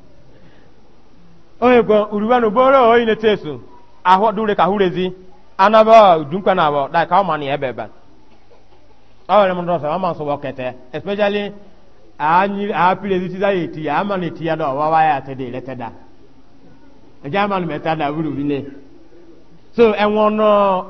oye gwa uruwanu boro oyi ne tesu ahwa dure ka hurezi anaba dunkwa na bo dai ka ma ni ebeba awale mun ọ ma so kete especially anyi a pirezi ti dai ti ama na eti ya do wa wa ya te de lete da jama na meta da buru bine so enwon ọnụ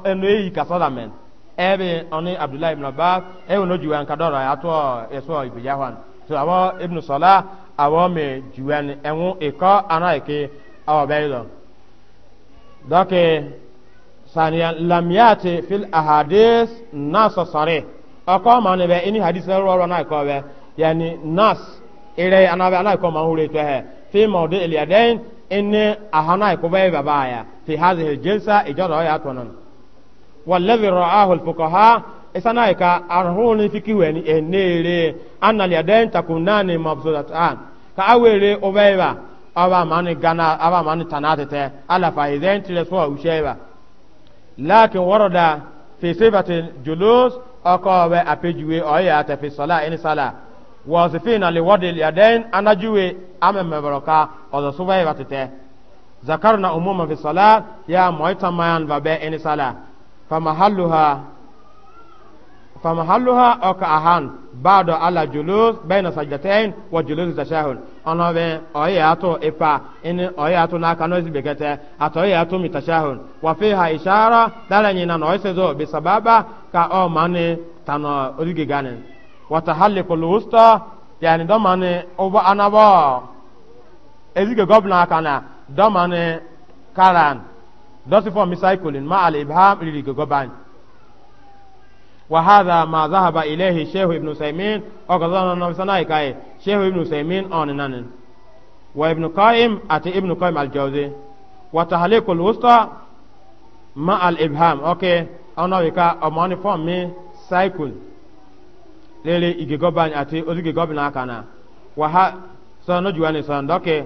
eno yi ka sadamen ebe oni abdullahi ibn abbas e wono juwa nka dora ya to eso ibijahan so awo ibn Sọla. awo me juwɛn ɛŋu ikɔ ana ike awo bɛyi lɔ dɔke saniya lamiyaati fil ahadis naso sɔre ɔkɔ ma ne bɛ ini hadis rɔrɔ na ikɔ bɛ yani nas ire ana bɛ ana ikɔ ma hure tɔ hɛ fi mɔdi iliyadɛn ini ahana ikɔ bɛyi bɛ baaya fi hazihi jilsa ijɔdɔ ya tɔnɔ والذي رآه الفقهاء isana ka arhuni fikiwe ni enere annal yadain takunani an, ka awere obeba aba mani gana aba mani tanatete ala fa idain tileswa usheba lakin warada fi sifati julus akowe apejuwe oya ta fi sala in sala wasifina liwadi yadain anajuwe amemebroka ozo subeba tete zakarna umuma fi sala ya moita mayan babe in sala فمحلها فمحلها أو كأهان بعد على جلوس بين سجدتين وجلوس التشهد أنا بين أياتو إفا إن أياتو ناكنوز بكتة أتو أياتو متشهد وفيها إشارة دلنينا نويسزو بسبب كأو ماني تانا أوليغيغاني وتحلق الوسطى يعني دماني أوبا أنا با إزيغي غبنا كان دماني كاران دوسي فو ميسايكولين مع الإبهام إليغي غباني وهذا ما ذهب إليه شيخ ابن سيمين وقضانا نفسنا إكاي شيخ ابن سيمين أوننان وابن قائم أتي ابن قائم الجوزي وتحليق الوسطى مع الإبهام أوكي أنا ويكا أماني فهم مي سايكل ليلي إيجي غوبان أتي أوزي غوبان أكانا وها سنجواني سندوكي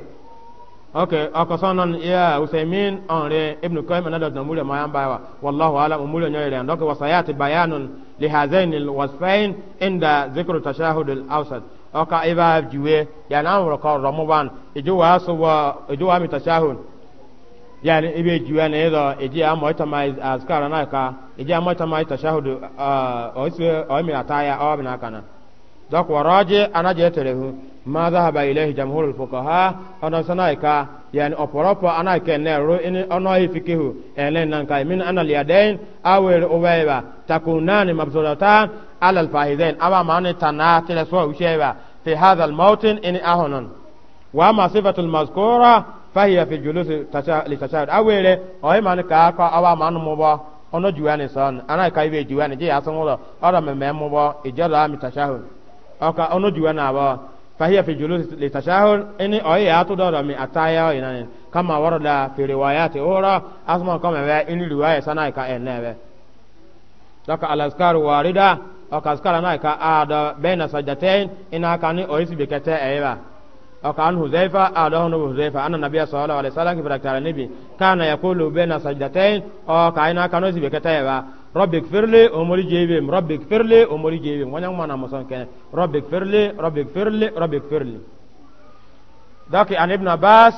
ok akosonon ya usaimin onre ibnu qayyim anada na mulya mayan bawa wallahu alam mulya nyoy ran doka wasayati bayanun li hadain al wasfain inda zikru tashahud al awsat oka iba juwe ya na wuro ko romuban ijuwa so wa ijuwa mi tashahud yani ibe juwe ne do iji amo itamize uh, azkara na ka iji amo itamize tashahud uh, o isi o mi ataya o mi na kana dɔk wa rɔɔje ana jɛ tere hu ma zahaba ilahi jamhurul fuqaha ɔnɔ sanai ka yani ɔpɔrɔpɔ ana kɛ nɛru ini ɔnɔ yi fikihu ɛlɛn nan kai min ana liyadɛn awere ubaiba takunani mabzulatan alal fahidɛn aba maani tana tere so ushaiba fi hadha almawtin ini ahonon wa ma sifatul mazkura fahiya fi julusi litashahud awere ɔyi maani kaa kɔ aba maani mubɔ ɔnɔ juwani sɔn ana kai be juwani je yasun wuro ɔrɔ mɛmɛ mubɔ ijɔdɔ ami ọka ọnụ jiwe na abụọ fahiyya fi julus litashahur ini oyi ya tu dodo mi ataya oyi nani kama warada fi riwayati ura asma kama be ini riwaya sana ka enebe doka alaskar warida ọka askara na ka ada baina sajdatain ina ka ni oyi sibi kete eyeba ọka an huzaifa ada hono huzaifa anna nabiyya sallallahu alaihi wasallam kibra tare nabi kana yaqulu baina sajdatain ọka ina ka no sibi kete eyeba rabbik firli omori jebem rabbik firli omori jebem wanyang mana musan kene rabbik firli rabbik firli rabbik firli daki an ibn abbas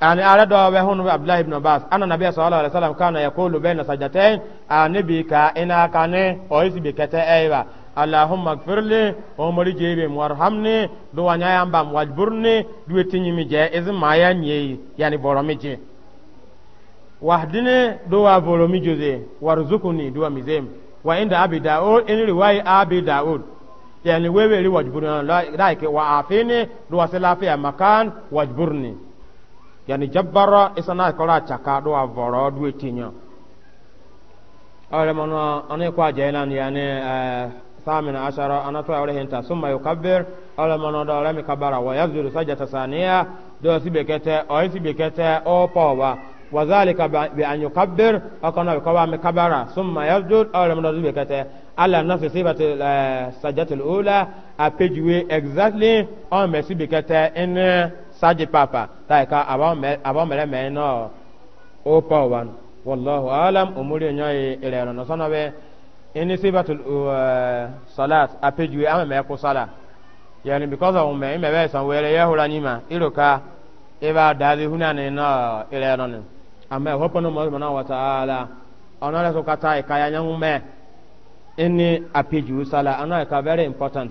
an ala do we hunu abdullah ibn abbas anna nabiy sallallahu alaihi wasallam kana yaqulu baina sajdatain anabi ka ina kane o isi bi kete aywa allahumma ighfirli omori jebem warhamni do wanyayamba wajburni duwe tinyimi je izma yanyi yani boromije wahdini duwa boromi jose warzukuni duwa mizem wa inda abi daud in riwayi abi daud yani wewe ri wajburni like wa afini duwa silafi makan wajburni yani jabbara isana kola chaka duwa voro duwe tinyo awre mono ane kwa jailan yani uh, ثامن عشر أنا تو أوله أنت ثم يكبر أول ما نضع لم كبر ويبذل سجدة ثانية دو سبكتة أو سبكتة أو باوا وذلك بأن يكبر أكون بقوام كبرا ثم يسجد أو لم نرد بكته على نفس صفة السجدة الأولى أبجوي exactly أو مسي بكته إن سجد بابا تايكا أبو ملي مينو أوبا وان والله أعلم أموري نيوي إلي رنصنا بي إن صفة الصلاة أبجوي أما ميكو صلاة يعني because of me إما بيسان ويلي يهولا نيما إلوكا إبا دادي هنا نينا إلي رنصنا amma ya hoppano mo mana wa ta'ala onore ko kata e kaya nyangu me ini apiju sala ana ka very important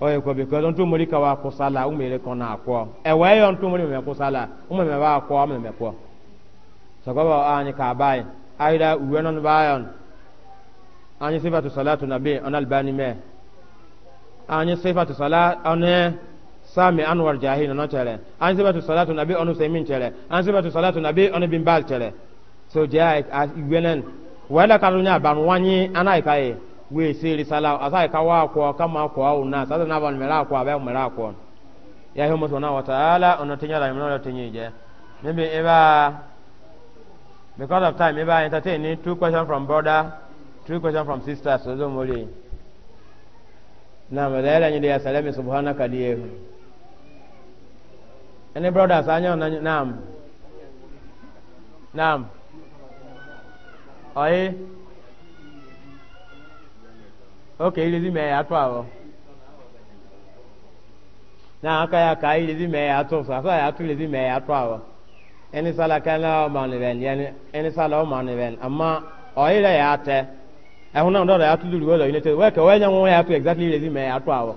oye oh, ko because eh, on tumuri ka wa ko sala umere ko na akwo e we yon tumuri me ko sala umme me wa akwo umme me ko sababu ani ka bai aida uwe non bayon ani sifatu salatu nabi on albani me ani sifatu sala on sami anwar jahil no tere an sibatu salatu nabi onu semin tere an sibatu salatu nabi onu bin bal tere so jai as wenen wala kalunya ban wanyi anai kai e, we siri sala asai ka wa ko kama ko au na sasa na ban mera ko abe mera ko ya hiyo mutuna wa taala onu tinya la mno tinyi je maybe eba because of time eba entertain two question from brother two question from sister so zo mori na malaela nyidi ya salami subhanaka Any brothers? Anyo nam. Nam. Oye. Okay, ilezi me ya twa Na aka ya ka ilezi me ya twa so. Asa ya tu ilezi me ya twa Any sala kana o ma ni ben. Yani any sala o ma ni ben. Amma oye ya ate. Ehuna ndo ya tu dulu go lo ni te. Weke wenya nwo ya tu exactly ilezi me ya twa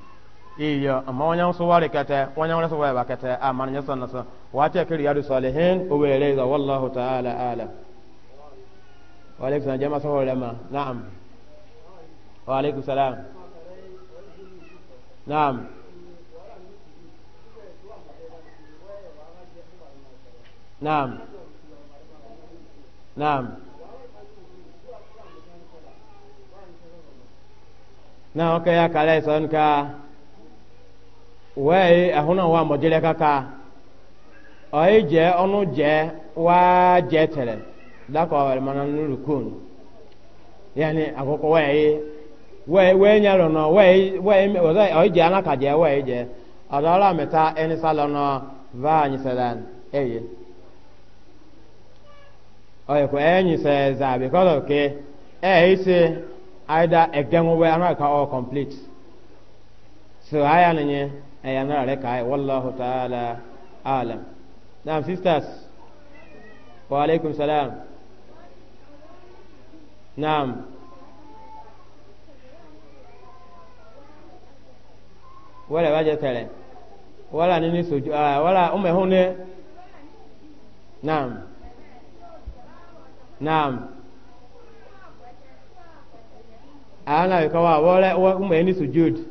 iyo amma wanyan su ware kata wani su ware ba kata amma ne san nasa wace ka riyadu salihin uwere reza wallahu ta'ala ala wa alaikum salam jama'a sahore ma na'am wa alaikum salam na'am na'am na'am na okay ya kala son ka wee ahụna nwa mọjere kaka oyi je ọnụ je wa je tere daka ọwere mana nuru kun yani akwụkwọ wee wee wee nyere nọ wee wee oyi jee je jee wee jee ọdọọrọ amịta ẹni salọ nọ va anyị sara eyi oyi kwa enyi sara zaa because of ke eyi si either egenwu wee anaka ọ complete so aya na nye ẹ̀yà náà rẹ̀ káyẹ̀ wọ́láhù tààlà alam. naam sisters wa alaikum salam naam wala waje tare wala nini soju wala umehune naam naam ana kawa wala umehuni sujud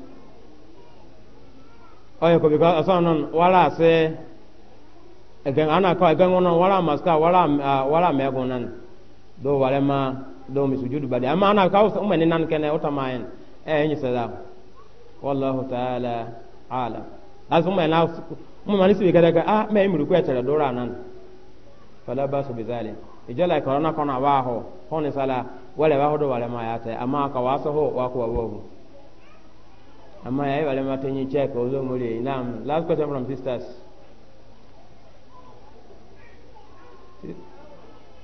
oye ko biko asan wala se egen ana ko egen wonon wala maska wala ah, wala megon nan do wala ma do mi sujudu badi ama ana ka usa umene nan kene utamayen e eh, nyi sada wallahu ta'ala ala azuma na umma ni sibi kada ka ah me imru ko dora do ranan fala basu bizali ijala e korona kona waho honi sala wale waho do wale ma yate ama ka waso ho wako wawo amma yayi bale ma tanyi check ozo muri Nam. last question from sisters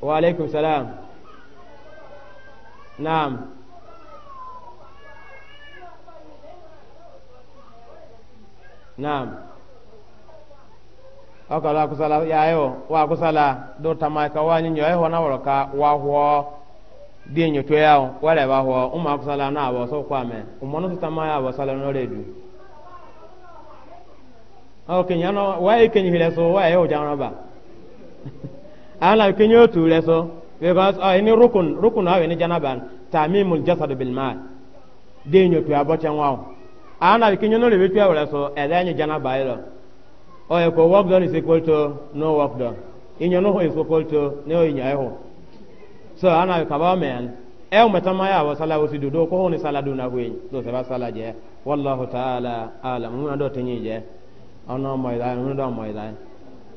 wa alaikum salam Nam. Nam. ọkọlọ akusala yaayọ wa akusala do tamaka wa nyinyo ehọ na wọrọ ka wa hụọ dienyo to yawo wala ba ho umma afsala na abo so kwa me umma no tama ya abo sala no redu aw ken yano wa e ken hile so wa e o jana ba ala ken yo tu le so because ah ini rukun rukun awe ni janaban tamimul jasad bil ma dienyo to abo chen wawo ana ken yo no le betu awle so e da nyi janaba ilo o e ko work done is equal no work done inyo no is equal to no inyo e ho so ana kaba men e umeta ya wa sala wosi do ko honi sala do na hwe do se ba sala je wallahu ta'ala alam mun do tenyi je ono mo ida mun do mo ida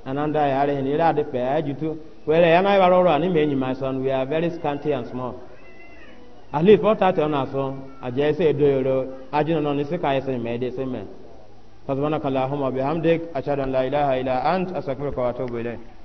ananda ya re ni ra de pe ajitu e, wele ya na ibaro ro ani me nyi my son we are very scanty and small at least what that on aso oh, aje se do yoro ajino no ni se kai se me de se me subhanakallahumma bihamdik ashhadu an la ilaha illa ant astaghfiruka wa atubu ilayk